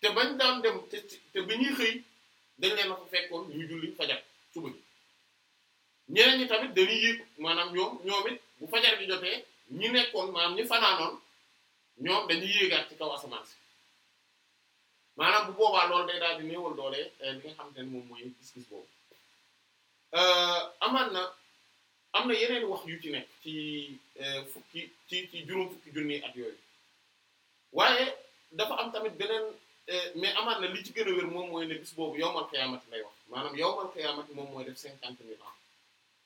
te bañ daan dem te te ñuy xëy dañ leen a fa fekkoon ñuy julli fajar suba gi ñeneen ñi tamit dañuy yéeg maanaam ñoom ñoom bu fajar bi jotee ñi nekkoon maanaam ñi fanaanoon ñoom dañuy yéegaat ci kaw asamaan si maanaam bu boobaa loolu day daal di néewal doole eh, li nga xamante moom mooy gis-gis boobu euh, amaan na am na yeneen wax yu ci nekk ci euh, fukki ci ci juróom fukki junni at yooyu waaye dafa am tamit beneen eh, mais amaat na li ci gën a wér moom mooy ne bis boobu yowmal xiyaamati lay wax maanaam yowmal xiyaamati moom mooy def cinquante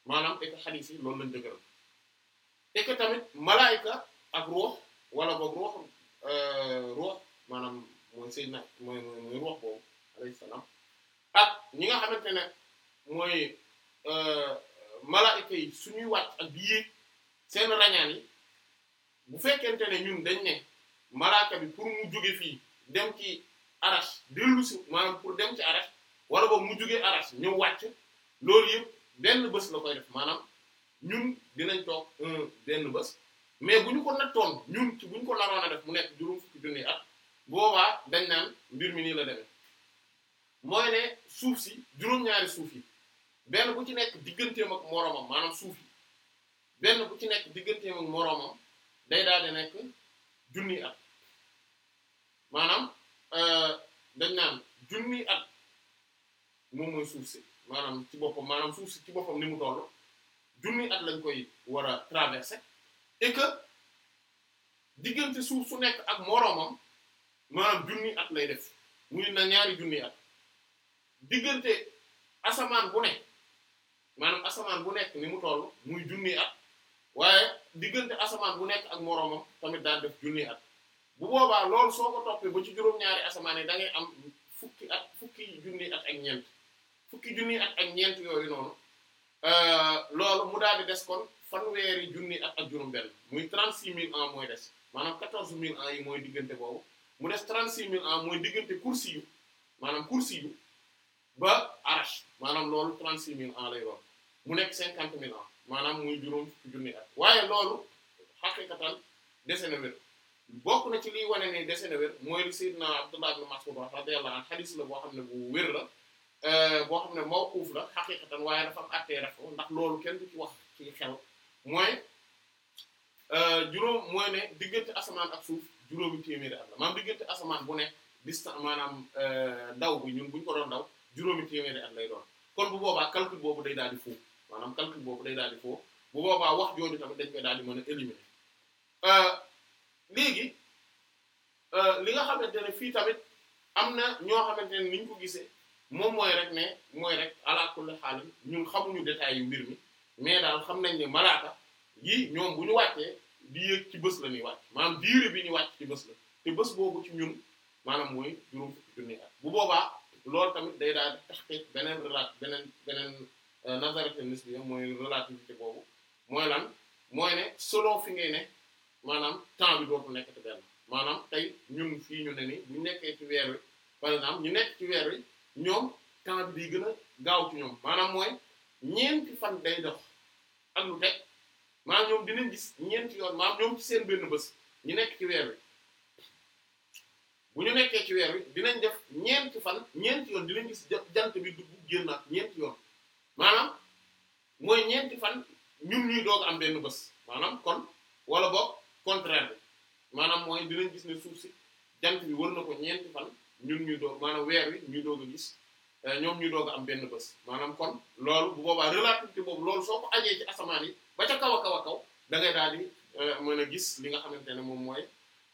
maanaam te que xadiis yi loolu lañ tamit malaayika ak wala boog eh, maanaam mooy Seydina boobu alayhi salaam ñi nga xamante ne mooy eh, malaayika yi suñuy wàcc ak di seen rañaan yi bu fekkente ne ñun dañ ne. malaaka bi pour mu jóge fii dem ci arash dellu si maanaam pour dem ci arash wala boobu mu jóge arash ñëw wàcc loolu yëpp benn bés la koy def maanaam ñun dinañ toog benn bés mais bu ñu ko nattoon ñun ci ñu ko naroon a def mu nekk juróom fukki junni at boobaa dañ naan mbir mi nii la demee mooy suuf si juróom-ñaari suuf yi benn bu ci nekk digganteem ak moroomam maanaam suuf benn bu ci nekk digganteem ak moroomam day daal di nekk junniy at maanaam euh, dañ naan junniy at moom mooy suuf si maanaam ci boppam maanaam suuf si ci boppam ni mu toll junniy at lañ koy war a traverser et diggante suuf su nekk ak moroomam maanaam junniy at lay def muy na ñaari junniy at diggante asamaan bu nekk maanaam asamaan bu nekk ni mu toll muy junniy at. waaye diggante asamaan bu nekk ak moroomam tamit daan def junni at bu boobaa lool soo ko toppee ba ci juróom-ñaari asamaan yi da am fukki at fukki junni at ak ñeent fukki junni ak ñeent yooyu noonu euh, loolu mu daal di des kon fanweeri junni at ak juróom-benn muy 36000 ans mooy des maanaam 14000 ans yi mooy diggante boobu mu des 36000 ans mooy diggante kursi yu maanaam kursi yu ba arash maanaam loolu 36000 ans lay doon mu nekk 50000 ans. maanaam muy juróom fukki junni at waaye loolu xaqiqatan dese na wér bokk na ci liy wane ne dese na wér mooy li Seydina Abdullah ibn Mas'ud radiyallahu anhu xadis la boo xam ne bu wér la euh, boo xam ne mawquuf la xaqiqatan waaye dafa am attee ref ndax loolu kenn du ci wax ci xel mooy euh, juróom mooy ne diggante asamaan ak suuf juróomi téeméeri at la maanaam diggante asamaan bu ne distance maanaam euh, daw bi ñun bu ñu ko doon daw juróomi téeméeri at lay doon kon bu boobaa boobu day daal maanaam calcul boobu day daal di foofu bu boobaa wax jooju tamit dañ koy daal di mën a éliminer euh, léegi euh, li nga xamante ne fii tamit am na ñoo xamante ne niñ ko gisee moom mooy rek ne mooy rek ala kulli xaalis ñun xamuñu détails yu mbir mi mais daal xam nañ ne malaaka gi ñoom bu ñu wàccee di yéeg ci bës la ñuy wàcc maanaam diire bi ñu wàcc ci bës la te bës boobu ci ñun maanaam mooy juróom fukki junni bu boobaa loolu tamit day daal di tax beneen relaat beneen Euh, nazarate nisbiya mooy relativité boobu mooy lan mooy ne solo fi ngay ne maanaam temps bi dootu nekk te benn maanaam tey ñun fii ñu ne ni bu nekkee ci weer wi par exemple ñu nekk ci weer wi ñoom temps bi di a gaaw ci ñoom maanaam mooy lu teg ñoom dinañ gis ñeenti yoon maanaam ñoom ci seen benn bés ñu nekk ci weer bu ñu nekkee ci weer wi dinañ def ñeenti fan ñeenti yoon dinañ gis jant bi dugg génnaat ñeenti yoon maanaam mooy ñeenti fan ñun ñuy doog am benn bés maanaam kon wala boog contraire bi maanaam mooy dinañ gis ne suuf si jant bi wër na ko ñeenti fan ñun ñuy doog maanaam weer wi ñuy doog a gis euh, ñoom ñuy doog a am benn bés maanaam kon loolu bu boobaa relativité boobu loolu soo ko ajee ci asamaan yi ba ca kaw a kaw a kaw da ngay daal di euh, mën a gis li nga xamante ne moom mooy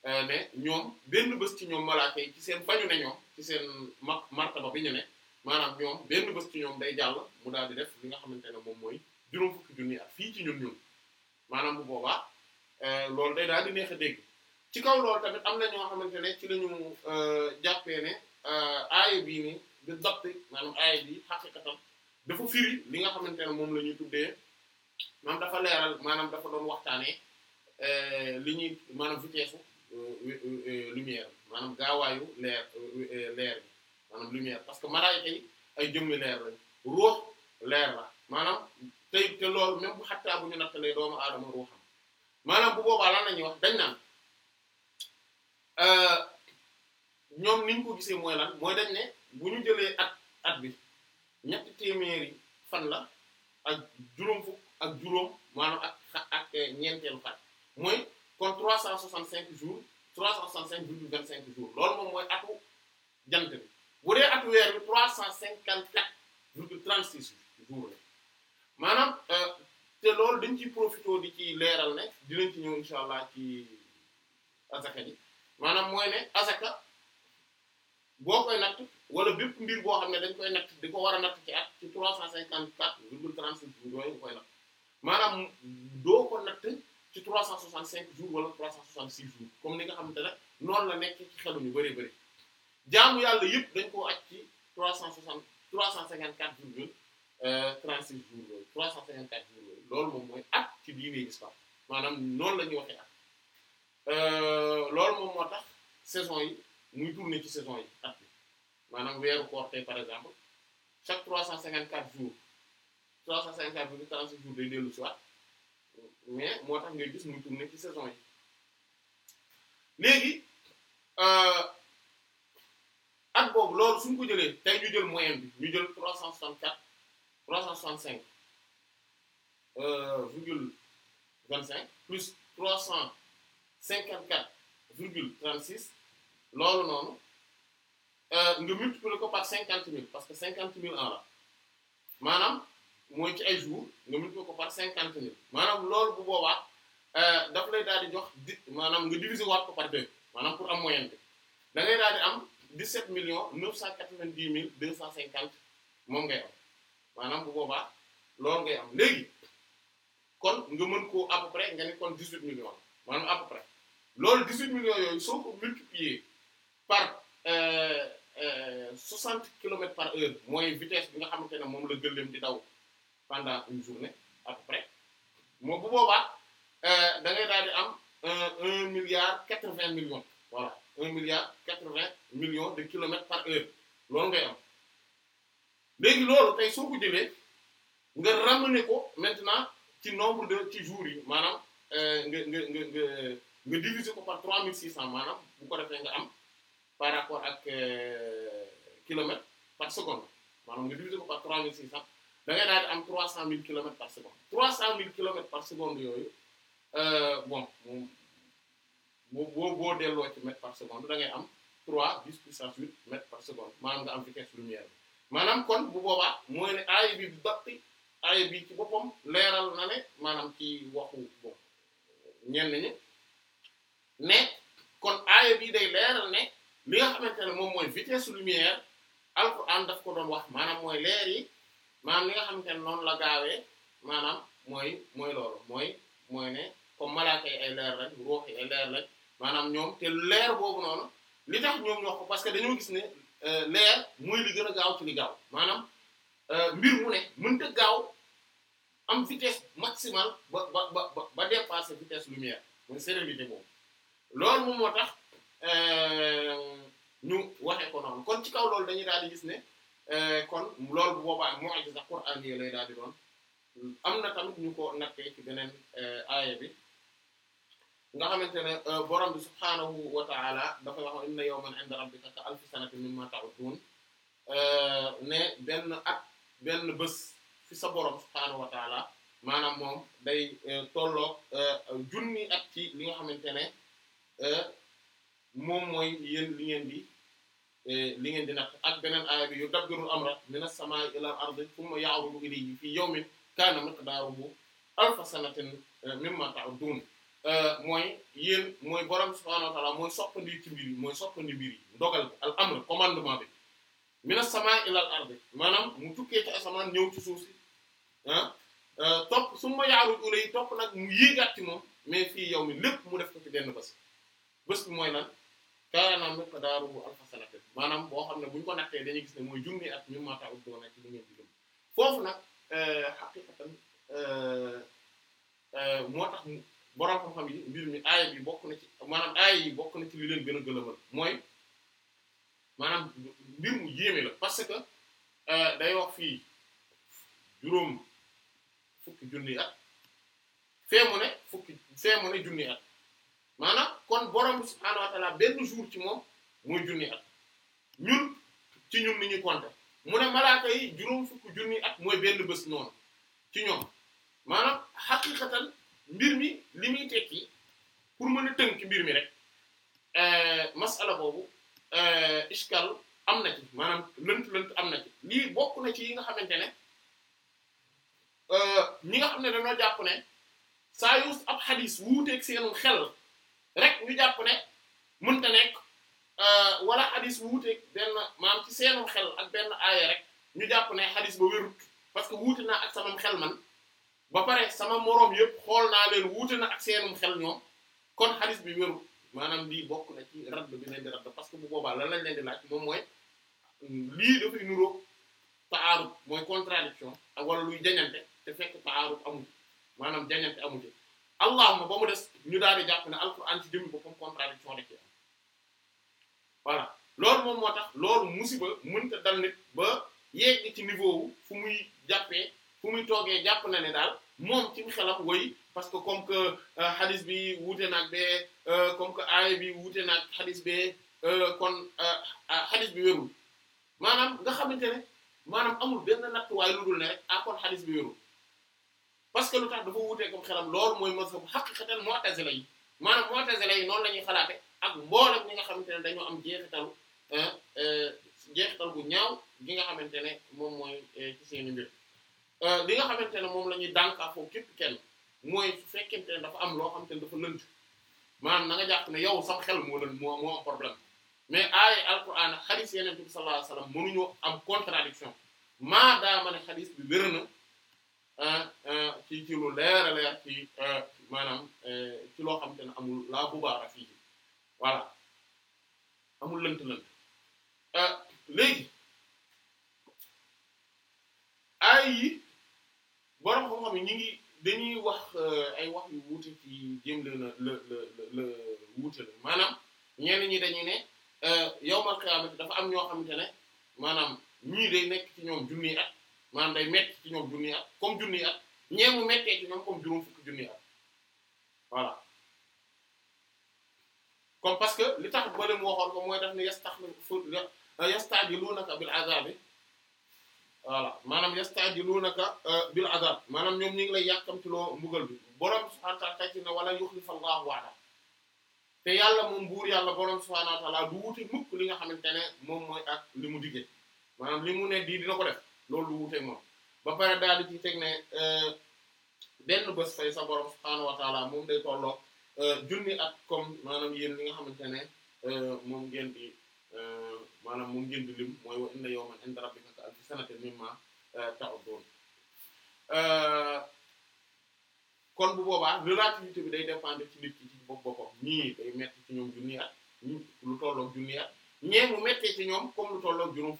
euh, ne ñoom benn bës ci ñoom malaaka yi ci seen fañu ne ñoom ci seen ma martaba bi ñu ne maanaam ñoom benn bés ci ñoom day jàll mu daal di def li nga xamante ne moom mooy juróom fukki junni at fii ci ñun ñun maanaam bu boobaa euh, loolu day daal neex a dégg ci kaw loolu tamit am na ñoo xamante ne ci lañu ñu euh, jàppee ne euh, aaya bii ni bi dopti maanaam bi dafa firi li nga xamante ne moom la ñuy tuddee maanaam dafa leeral maanaam dafa doon waxtaanee li ñuy maanaam vitesse lumière maanaam gaawaayu leer leer bi maanaam lumière parce que malaayika yi ay jëmmi leer lañ ruux leer la maanaam tey te loolu même bu xattaa bu ñu nattalee doomu aadama ruuxam maanaam bu boobaa lan la ñuy wax dañ naan euh, ñoom niñ ko gisee mooy lan mooy dañ ne bu ñu jëlee at at bi ñett téeméeri fan la ak juróom fukk ak juróom maanaam ak ak ñeenteelu xaaj mooy kon 365 jours 365 virgule cinq jours loolu moom mooy atu jant bi bu dee ak weer bi trois cent cinquante quatre virgule trente six jours la maanaam euh, te loolu dañ ciy profité di ci leeral ne di dinañ ci ñëw incha allah ci asaka ji maanaam mooy ne asaka boo koy natt wala bépp mbir boo xam ne dañ koy natt di ko war a natt ci at ci trois cent cinquante quatre virgule trente six jours yooyu koy natt maanaam doo ko natt ci trois cent soixante cinq jours wala trois cent six jours comme ni nga xamante ne noonu la nekk xelu ñu bëree bëri. jaamu yàlla yëpp dañ koo aj ci trois cent soixante trois cent cinquante quatre virgule euh, trente six jours yooyu trois cent cinquante quatre jours yooyu loolu moom mooy at ci diine l'islam maanaam noonu la ñuy waxee at euh, loolu moom moo tax saison yi muy tourner ci saison yi at bi maanaam weeru koor tey par exemple chaque trois cent cinquante quatre jours trois cent cinquante quatre virgule trente jours day dellu si waat mais moo tax ngay gis muy tourner ci saison yi léegi euh, at boobu loolu suñ ko jëlee tey ñu jël moyenne bi ñu jël trois cent soixante quatre trois cent soixante cinq euh, virgule vingt cinq plus trois cent cinquante quatre virgule trente six loolu noonu euh, nga multiplier ko par cinquante mille parce que cinquante mille en maanaam mooy ci ay jours nga multiplier ko par cinquante mille maanaam loolu bu boobaa euh, daf lay daal di jox di maanaam nga diviser waat ko par deux maanaam pour am moyenne bi da daal di am. 17 millions 990 mille 250 moom ngay am maanaam bu boobaa loolu ngay am léegi kon nga mën ko à peu près nga ne kon 18 millions maanaam à peu près loolu 18 millions yooyu soo ko multiplier par euh, euh kilomètres par heure mooy vitesse bi nga xamante ne moom la gëléem di daw pendant une journée à peu près moo bu boobaa euh, da ngay di am un un milliard quatre-vingts millions voilà. un milliard quatre-vingts million de kilomètres par heure loolu ngay am léegi loolu tey soo ko jëlee nga ramener ko maintenant ci nombre de ci jours yi maanaam euh, nga nga nga nga nga diviser ko par trois mille six cents maanaam bu ko refee nga am par rapport ak euh, kilomètres par seconde maanaam nga diviser ko par trois mille six cents da ngay daal di am trois cent mille kilomètres par seconde trois cent mille kilomètres par seconde yooyu euh, bon. boo boo boo delloo ci mètre par seconde da ngay am 3 10 puissance 8 mètres par seconde maanaam nga am vitesse lumière bi maanaam kon bu boobaa mooy ne aaya bi batti aaya bi ci boppam leeral na ne maanaam ki waxu bon ñenn ñi ne kon aaya day leeral ne li nga xamante ne moom mooy vitesse lumière alquran daf ko doon wax maanaam mooy leer yi maanaam li nga xamante ne noonu la gaawee maanaam mooy mooy loolu mooy mooy ne comme malaaka yi ay leer rek ruux yi maanaam ñoom te leer boobu noonu li tax ñoom ñu ko parce que dañoo gis ne euh, leer mooy li gën a gaaw ci li gaaw maanaam euh, mbir mu ne mënta gaaw am vitesse maximale ba ba ba ba dépasser vitesse lumière mooy célérité boobu loolu moom moo tax euh, ñu waxee ko noonu kon ci kaw loolu dañuy daal di gis ne kon loolu bu boobaa mu'jiza qur'aniyya lay daal di doon am na tamit ñu ko nattee ci beneen aaya bi. nga xamante ne euh, borom bi subhaanahu wa ta'ala dafa wax inna yawman 'inda rabbika ka alfi sanatin mimma ta'udun euh, ne benn at benn bés fi sa borom subhaanahu wa ta'ala maanaam moom day euh, tolloog junni at ci li nga xamante ne moom mooy yéen li ngeen di li ngeen di natt ak beneen aaya bi yudabbirul amra minas samaa'i ilal ardi thumma ya'ruju ilayhi fi yawmin kaana miqdaaruhu alfa sanatin mimma ta'udun Euh, mooy yéen mooy borom subhaanahu wa mooy soppandi ci mbir yi mooy soppandi mbir yi ndogal bi al amr commandement bi mina samaa ila al ardi maanaam mu tukkee ci asamaan ñëw ci suuf si ah euh, topp su ma yaaru ula topp nag mu yéegaat ci moom mais fii yow mi lépp mu def ko ci benn bés bés bi mooy lan kaana miqdaaruhu alfa sanatin maanaam boo xam ne bu ko nattee dañuy gis ne mooy junni at ñu mata ut doona ci li ngeen di gëm foofu nag xaqiqatan euh, moo tax borom xam-xam yi mbir mi aaya bi bokk na ci maanaam aaya yi bokk na ci li gën a gëlëmal mooy maanaam mbir mu yéeme la parce que euh, day wax fii juróom fukk junni at fee mu ne fukki fee mu ne junni at kon borom benn jour ci moom mooy junni at ñun ci ñun ni ñu compter mu ne malaaka yi juróom fukki junni at mooy benn bës noonu ci ñoom maanaam xaqiqatan mbir mi li muy pour mën a tënk mbir mi rek euh, masala boobu euh, iskal am na ci maanaam lënt lënt am na ci lii bokk na ci yi nga xamante ne euh, ñi nga xam ne dañoo jàpp ne saa yu ab xadis wuuteeg seenu xel rek ñu jàpp ne mënta nekk wala xadis wuuteeg benn maanaam ci seenu xel ak benn aaya rek ñu jàpp ne xadis ba wérut parce que wuute naa ak samam xel man ba pare sama moroom yëpp xool naa leen wuute na ak seenum xel ñoom kon xadis bi wéru maanaam lii bokk na ci radd bi leen di radd parce que bu boobaa lan lañ leen di laaj moom mooy lii dafay nuroog taarub mooy contradiction ak wala luy jañante te fekk taarub amul maanaam jañante amul te allahuma ba mu des ñu daal di jàpp ne alquran ci jëmmi boppam contradiction da ci loolu moom moo tax loolu musiba mënta dal nit ba yegg ci niveau fu muy jàppee fu muy toogee jàpp na ne daal moom ci xelam woy parce que comme que euh, hadis bi wuute nag bee euh, comme que aaya bi wuute nag hadis bee euh, kon hadis bi wérul maanaam nga xamante ne maanaam amul benn nattuwaay lu dul ne rek ah kon hadis bi wérul parce que lu tax dafa wuutee comme xelam loolu mooy mazhabu haqiqatan mu'tazila yi maanaam mu'tazila yi noonu la ñuy xalaate ak mboolem ñi nga xamante ne dañoo am jeexitalu jeexital gu ñaaw ki nga xamante ne moom mooy ci seeni mbir Euh, li nga xamante ne moom la ñuy dànkaafoo képp kenn mooy su fekkente ne dafa am loo xamante ne dafa lënt maanaam na nga jàpp ne yow sax xel moo lën moo moo problème mais al alquran ak xadis yeneen bi sallallahu alayhi wasallam mënuñoo am contradiction maadaama ne xadis bi wér na euh, euh, ci ci lu leer ci maanaam ci loo xamante ne amul laa bubaara fii voilà amul lënt lënt léegi ay borom xam-xam yi ñu ngi dañuy wax euh, ay wax yu wuute ci jéem la la la la la maanaam ñenn ñi dañuy ne euh, yawmal qiyaamati dafa am ñoo xamante ne maanaam ñii day nekk ci ñoom junni at maanaam day metti ci ñoom junni at comme junni at ñee mu mettee ci ñoom comme juróom fukki junni at voilà comme parce que li tax ba mu waxoon ko mooy daf ne yastaxlu yastaajilunaka bil azaabi voilà maanaam yastajilunaka euh, bil azab maanaam ñoom ñu ngi lay yàkkamtiloo mbugal bi borom subhanahu wa ta'ala tàcc na wala yukhlifa Allahu wa'da te yàlla moom buur yàlla borom subhanahu wa ta'ala du mukk li nga xamante ne moom mooy ak li mu diggee maanaam li mu ne di dina ko def loolu du wuute moom ba pare daal di ci teg ne euh, benn bés fay sa borom subhanahu wa moom day tolloo euh, junni at comme maanaam yéen li nga xamante ne moom ngeen di maanaam moom ngeen di lim sanatan mimmaa ta'uddun kon bu boobaa relativité bi day dépendre ci nit ki ci bopp boppam ñii day metti ci ñoom junni at lu tolloog junni at mu mettee ci ñoom comme lu tolloog juróom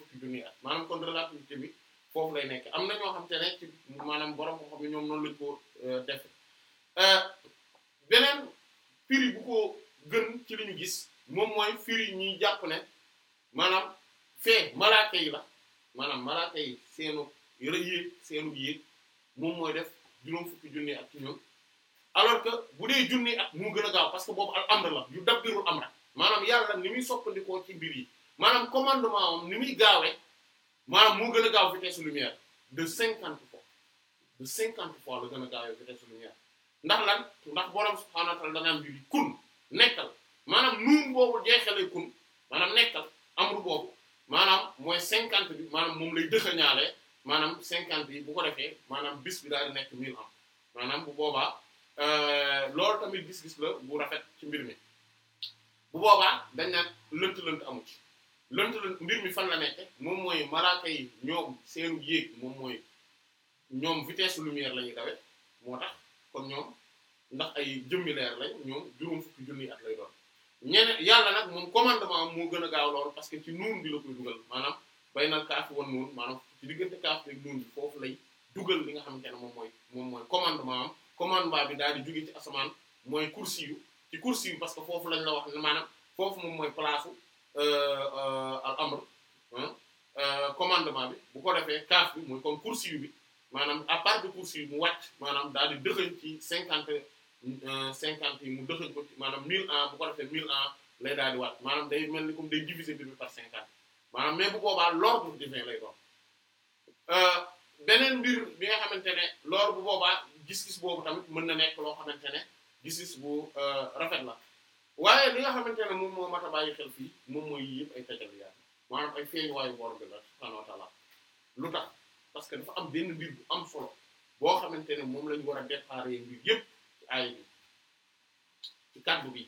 maanaam kon relativité bi foofu lay nekk am na ñoo xam te ne ci maanaam borom koo xam ñoom noonu lañ ko euh, def euh, beneen firi bu ko gën ci li gis moom mooy firi ñuy jàpp ne maanaam fee malaaka la maanaam malaaka yi seenu yëre yéeg seenu yéeg moom mooy def juróom fukki junni at ci ñoom alors que bu dee junni at mu gën a gaaw parce que boobu al amr la yu dabbirul amra maanaam yàlla ni muy soppandikoo ci mbir yi maanaam commandement am ni muy gaawee maanaam mu gën a gaaw vitesse lumière de cinquante fois de cinquante fois la gën a gaawee vitesse lumière ndax lan ndax borom subhaanahu wa taala mbir yi kun nekkal maanaam nuun boobu jeexalee kun maanaam nekkal amru maanaam mooy cinquante bi maanaam moom lay dëxëñaale maanaam cinquante yi bu ko defee maanaam bis bi daal di nekk mille ans maanaam bu boobaa euh, loolu tamit gis-gis la bu rafet ci mbir mi bu boobaa dañ naan lënt-lënt amu ci lënt-lënt mbir mi fan la nekk moom mooy malaaka yi ñoom seenu yéeg moom mooy ñoom vitesse lumière la ñuy dawe moo tax kon ñoom ndax ay jëmmi leer lañ ñoom juróom fukki doon ñeneen yàlla nag moom commandement am moo gën a gaaw lool parce que ci nuun bi la koy dugal maanaam bay nal kaaf wan nuun maanaam ci diggante kaaf ak nuun bi foofu lay dugal li nga xamante ne moom mooy moom mooy commandement am commandement bi daal di jóge ci asamaan mooy kursi yu ci kursi yu parce que foofu lañ la wax ne maanaam foofu moom mooy place euh, euh, al amr euh, commandement bi bu ko defee kaaf bi mooy comme kursi yu bi maanaam à part de kursi yu mu wàcc maanaam daal di dëxëñ ci cinquante Euh, cinquante yi mu dëxañ ko maanaam mille ans bu ko defee mille ans lay daal maanaam day mel ni comme day diviser bi par cinquante maanaam mais bu boobaa lor bu divin lay doon euh, beneen mbir bi nga xamante ne lor bu boobaa gis-gis boobu tamit mën na nekk loo xamante ne gis-gis bu euh, rafet la waaye li nga xamante ne moom moo mat xel fii moom mooy yëpp ay tajalliyaat maanaam ay feeñuwaayu borom bi la subhaanahu wa ta'aala lu tax parce que dafa am benn am solo boo xamante ne moom la ñu a déparé ci aay bi ci kàddu bi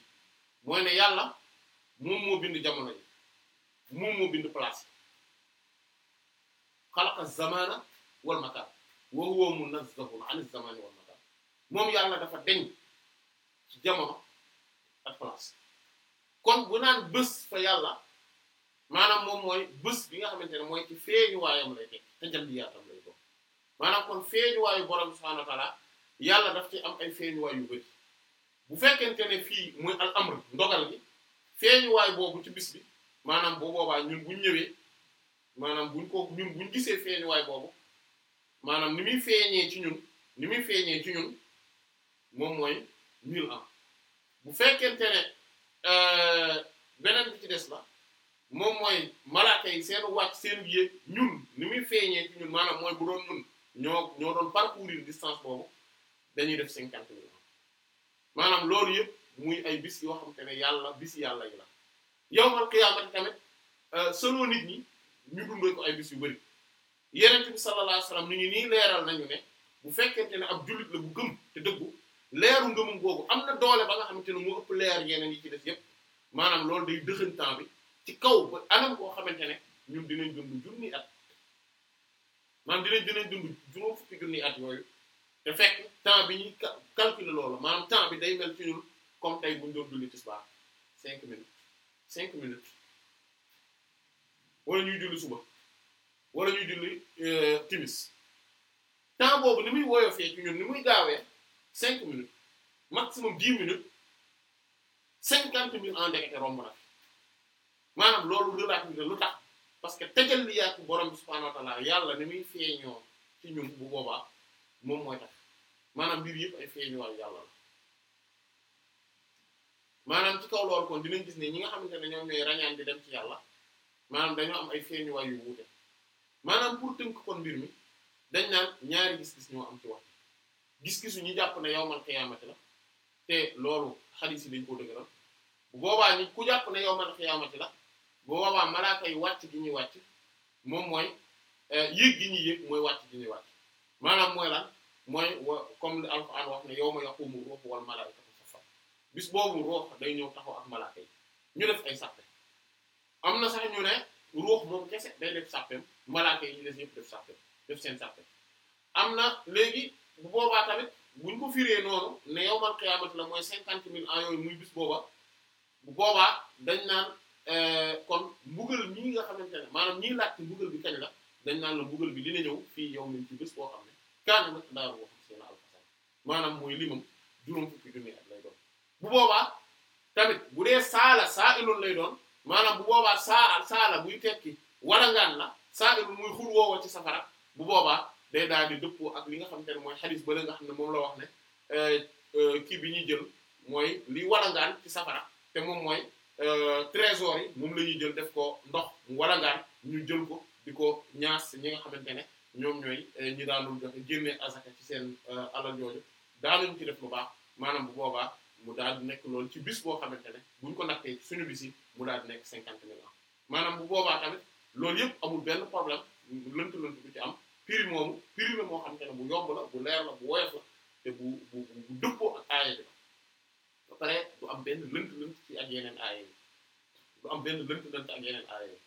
mooy ne yàlla moom moo bind jamono yi moom moo bind place yi xalaqa zamana wal makaan wa huwa munazzahun an zamani wal makaan moom yàlla dafa deñ ci jamono ak place kon bu naan bés fa yàlla maanaam moom mooy bés bi nga xamante ne mooy ci feeñu lay teg te jalliyaatam lay doon maanaam kon feeñu waayu borom subhaanahu yàlla daf ci am ay feeñuwaay yu bu fekkente ne fii muy al amr ndogal gi feeñuwaay boobu ci bis bi maanaam bu boobaa ñun bu ñëwee maanaam buñ ko ñun buñ gisee feeñuwaay boobu maanaam ni muy feeñee ci ñun ni muy feeñee ci ñun moom mooy mille ans bu fekkente ne euh, beneen bi ci des la moom mooy malaaka seen wàcc seen yéeg ñun ni muy feeñee ci ñun maanaam mooy bu doon ñun ñoo ñoo doon parcourir distance boobu dañuy def cinquante mille maanaam loolu yëpp muy ay bis yoo xam xamante ne yàlla bis yàlla yi la yawmal qiyaamati tamit euh, selon nit ñi ñu dundee ko ay bis yu bari yeneen bi sallallahu alayhi wasallam ni ñu nii leeral nañu ne bu fekkente ne ab jullit la bu gëm te dëggu leeru ngëmum googu am na doole ba nga xamante ne moo ëpp leer yeneen yi ci def yëpp maanaam loolu day dëxëñ temps bi ci kaw ba anam koo xamante ne ñun dinañ dund junni at maanaam dinañ dinañ dund juróom fukki junni at yooyu te fekk temps bi ñuy calculer loolu maanaam temps bi day mel ci ñun comme tey bu ñu doon julli tisbaar cinq minutes cinq minutes wala ñuy julli suba wala ñuy julli euh, timis temps boobu ni muy woyofee ci ñun ni muy gaawee cinq minutes maximum dix minutes cinquante mille en ndekete romb na maanaam loolu relativiser lu tax parce que tegal li yaatu borom bi subhaanahu yàlla ni muy feeñoo ci ñun bu boobaa moom mooy tax maanaam mbir yëpp ay feeñuwaay yàlla la maanaam ci kaw loolu kon dinañ gis ne ñi nga xamante ne ñoom ñooy rañaan di dem ci yàlla maanaam dañoo am ay feeñuwaay yu wuute maanaam pour tënk kon mbir mi dañ naan ñaari gis-gis ñoo am ci wax gis-gisu ñi jàpp ne yawmal xiyaamati la te loolu xadiis yi dañ koo dëgëral boobaa ku jàpp ne yawmal xiyaamati la bu boobaa malaaka yi wàcc gi ñuy wàcc moom mooy eh, yéeg gi ñuy yéeg mooy wàcc gi ñuy wàcc maanaam mooy lan mooy wa comme li alquran wax ne yawma yaqumu ruuhu wal malaa'ikatu saffan bis boobu ruux day ñëw taxaw ak malaaka yi ñu def ay sàppe am na sax ñu ne ruux moom kese day def sàppeem malaaka yi ñu des yëpp def sàppeem seen sàppe am na léegi bu boobaa tamit buñ ko firee noonu ne yawmal qiyaamati la mooy cinquante mille en yooyu muy bis booba bu boobaa dañ naan euh, kon mbugal ñii nga xamante ne maanaam ñii laajte mbugal bi kañ la dañ naan la mbugal bi dina ñëw fii yow min ci bés boo kaana miqdaaruhu xamsiina alfa sana maanaam mooy limam juróom fukki junni at lay doon bu boobaa tamit bu dee saala saa'ilun lay doon maanaam bu boobaa saa saala buy tekki walangaan la saa'ilun muy xul woowoo ci safara bu boobaa day daal di dëppoo ak li nga xamante ne mooy xadis ba la nga xam ne moom la wax ne euh, euh, kii bi ñuy jël mooy li walangaan ci safara te moom mooy euh, trésor yi moom lañuy jël def ko ndox mu walangaan ñu jël ko di ko ñaas ñi nga xamante ne ñoom ñooy eh, ñi daanul joxe génne asaka ci seen eh, alal jooju daanuñ ci def lu baax maanaam bu boobaa mu daal di nekk loolu ci bis boo xamante ne buñ ko nattee ci suñu bis yi mu daal di nekk cinquante mille ans maanaam bu boobaa tamit loolu yëpp amul benn problème lënt lënt bu ci am prix moomu prix la moo xamante ne bu yomb la bu leer la bu woyof la te bu bu bu dëppoo ak aaya ba pare du am benn lënt lënt ak yeneen aaya yi am benn lënt yeneen aaya yi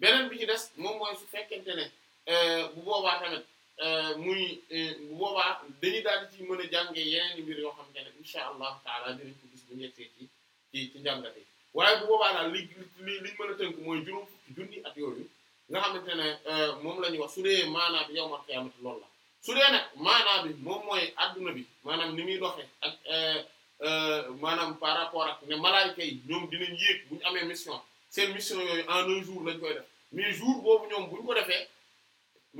beneen bi ci des moom mooy su fekkente ne Euh, bu boobaa tamit euh, muy euh, bu boobaa dañuy daal di ci mën a jàngee yeneen mbir yoo xamante ne incha allahu taala dinañ ci gis bu ñu yegsee ci ci ci njàngat yi waaye bu boobaa daal li li liñ mën a tënk mooy juróom fukki junni at nga xamante ne moom la ñuy wax su dee maanaa bi yawmal qiyaamati loolu la su dee nag maanaa bi moom mooy adduna bi maanaam ni muy doxee ak maanaam par rapport ak ne malaayika yi ñoom dinañ yéeg bu amee mission seen mission yooyu en un jour lañ koy def mais jour boobu ñoom bu ñu ko defee.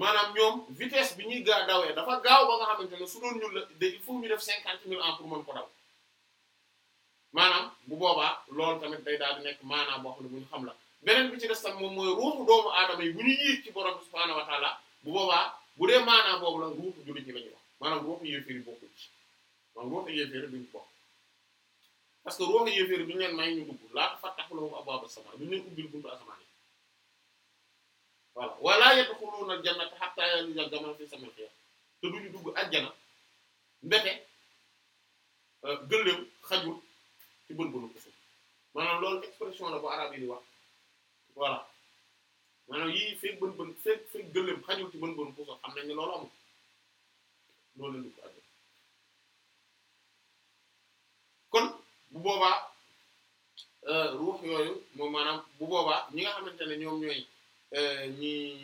maanaam ñoom vitesse bi ñuy gaa dawee dafa gaaw ba nga xamante ne su doon ñun la il faut ñu def cinquante mille ans pour mën ko daw maanaam bu boobaa loolu tamit day daal di nekk maanaam boo xam ne bu xam la beneen bi ci des tam moom mooy ruuxu doomu aadama yi bu ñu yiit ci borom bi subhaanahu wa taala bu boobaa bu dee maanaam boobu la ruuxu jullit ñi la ñuy maanaam ruuxu yéeféer yi bokkul ci maanaam ruuxu yéeféer que ruuxu yéeféer bi ñu leen may ñu dugg laata fattaxu lahum abwaaba samaa voilà wala yadxuluuna aljannata hatta yalija aljamal fi samil xiyaam te duñu dugg ajjana mbete euh, gëléem xajul ci bën bënu ko suuf maanaam loolu expression la bu arab yi feeg bën bën feeg feeg gëléem xajul ci ko suuf xam nañ ne loolu amul loolu dugg ajjana kon bu boobaa euh, ruux yooyu moom maanaam bu boobaa ñi nga xamante ne ñoom ñooy Euh, ñi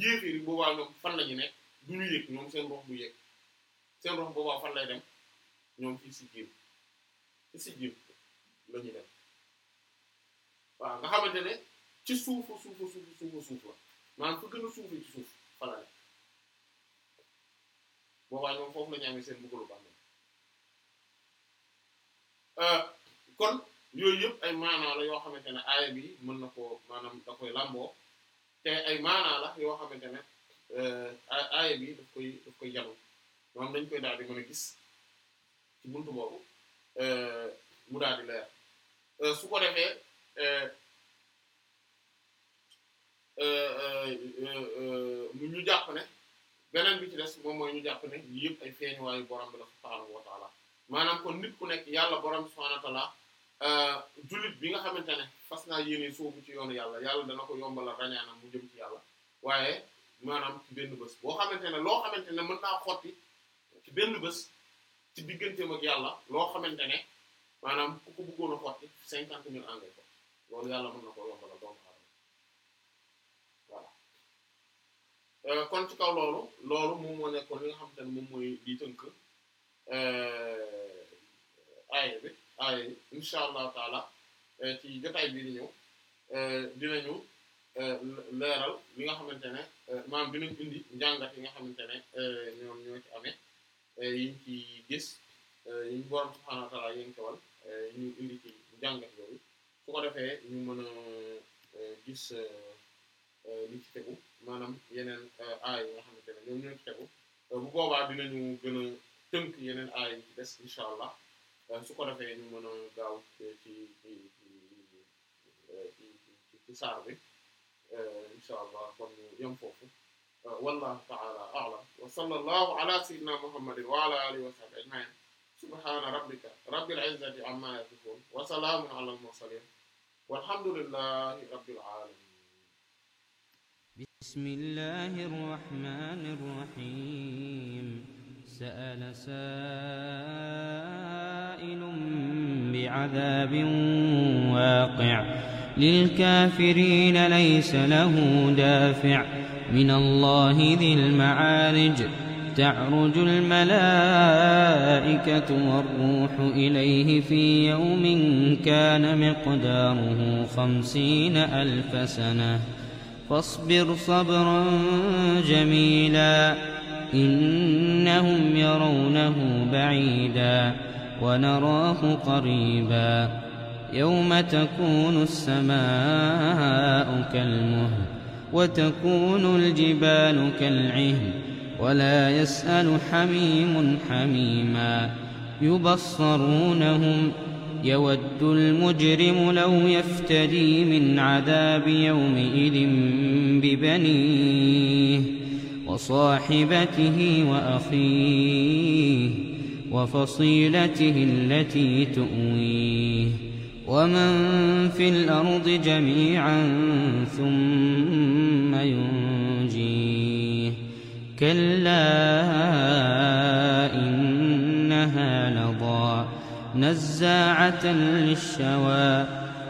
yéeféeri boobaa ñoom fan la ñu nekk du ñu yëg ñoom seen rox du yëg seen rox boobaa fan lay dem ñoom fii sijjiin ci sijjiin la dem waaw nga xamante ne ci suufa suufa suufa suufa suuf la maanaam fu gën a suufee ci suuf fan la dem boobaa ñoom foofu la ñu amee seen bëggalu bàmmeel euh, kon yooyu yëpp ay maanaa la yoo xamante ne aaya bi mën na koo maanaam da koy làmboo te ay maanaa la yoo xamante ne euh, aaya bi daf koy daf moom dañ koy daal di mën a gis ci buntu boobu euh, mu daal di leer euh, su ko defee mu ñu jàpp ne beneen bi ci des moom mooy ñu jàpp ne yëpp ay feeñuwaayu borom bi la subhaanahu wa maanaam kon nit ku nekk yàlla borom bi subhaanahu Euh, jullit bi nga xamante ne fas naa yéene soobu ci yoonu yàlla yàlla dana ko yombalal rañaanam mu jëm ci yàlla waaye maanaam benn bës boo xamante loo xamante ne mën naa xotti ci benn bés ci digganteem ak yàlla loo xamante ne maanaam ku ko bëggoon xotti cinquante mille engrais ko loolu yàlla mën na ko yombalal doomu aadama voilà euh, kon ci kaw loolu loolu moom moo nekkoon li nga xamante ne moom mooy di tënk euh, aaya bi aaya yi incha allahu taala eh, ci jotaay bii ñëw eh, dinañu eh, leeral li nga xamante ne maanaam dinañ indi njàngat yi nga xamante ne ñoom ñoo ci yiñ ci gis yiñ borom subhaanahu wa taala yéen kawal ñu indi ci njàngat yooyu su ko defee ñu mën gis li ci tegu maanaam yeneen aaya yi nga xamante ne ñoom ñoo ci bu boobaa dinañu gën tënk yeneen aaya yi ci des incha allah su ko defee ñu mën a gaaw ci ci ci ci ci saar bi euh, incha allah kon yem foofu euh, wallahu taala a'lam wa sallallahu ala sayyidina muhammadin wa ala alihi wa sahbihi ajma'in subhana rabbika rabbil izzati amma yasifun wa salaamun ala al mursalin walhamdulillahi rabbil alamin bismillahir rahmanir rahim سأل سائل بعذاب واقع للكافرين ليس له دافع من الله ذي المعارج تعرج الملائكة والروح إليه في يوم كان مقداره خمسين ألف سنة فاصبر صبرا جميلا إنهم يرونه بعيدا ونراه قريبا يوم تكون السماء كالمهل وتكون الجبال كالعهن ولا يسأل حميم حميما يبصرونهم يود المجرم لو يفتدي من عذاب يومئذ ببنيه وصاحبته وأخيه وفصيلته التي تؤويه ومن في الأرض جميعا ثم ينجيه كلا إنها لضا نزاعة للشوى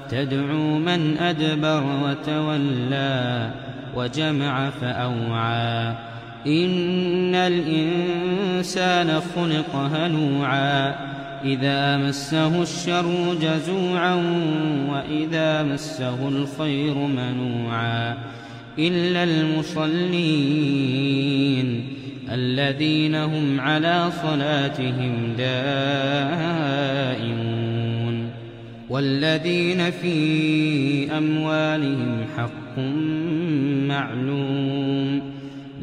تدعو من أدبر وتولى وجمع فأوعى إن الإنسان خلق هلوعا إذا مسه الشر جزوعا وإذا مسه الخير منوعا إلا المصلين الذين هم على صلاتهم دائمون والذين في أموالهم حق معلوم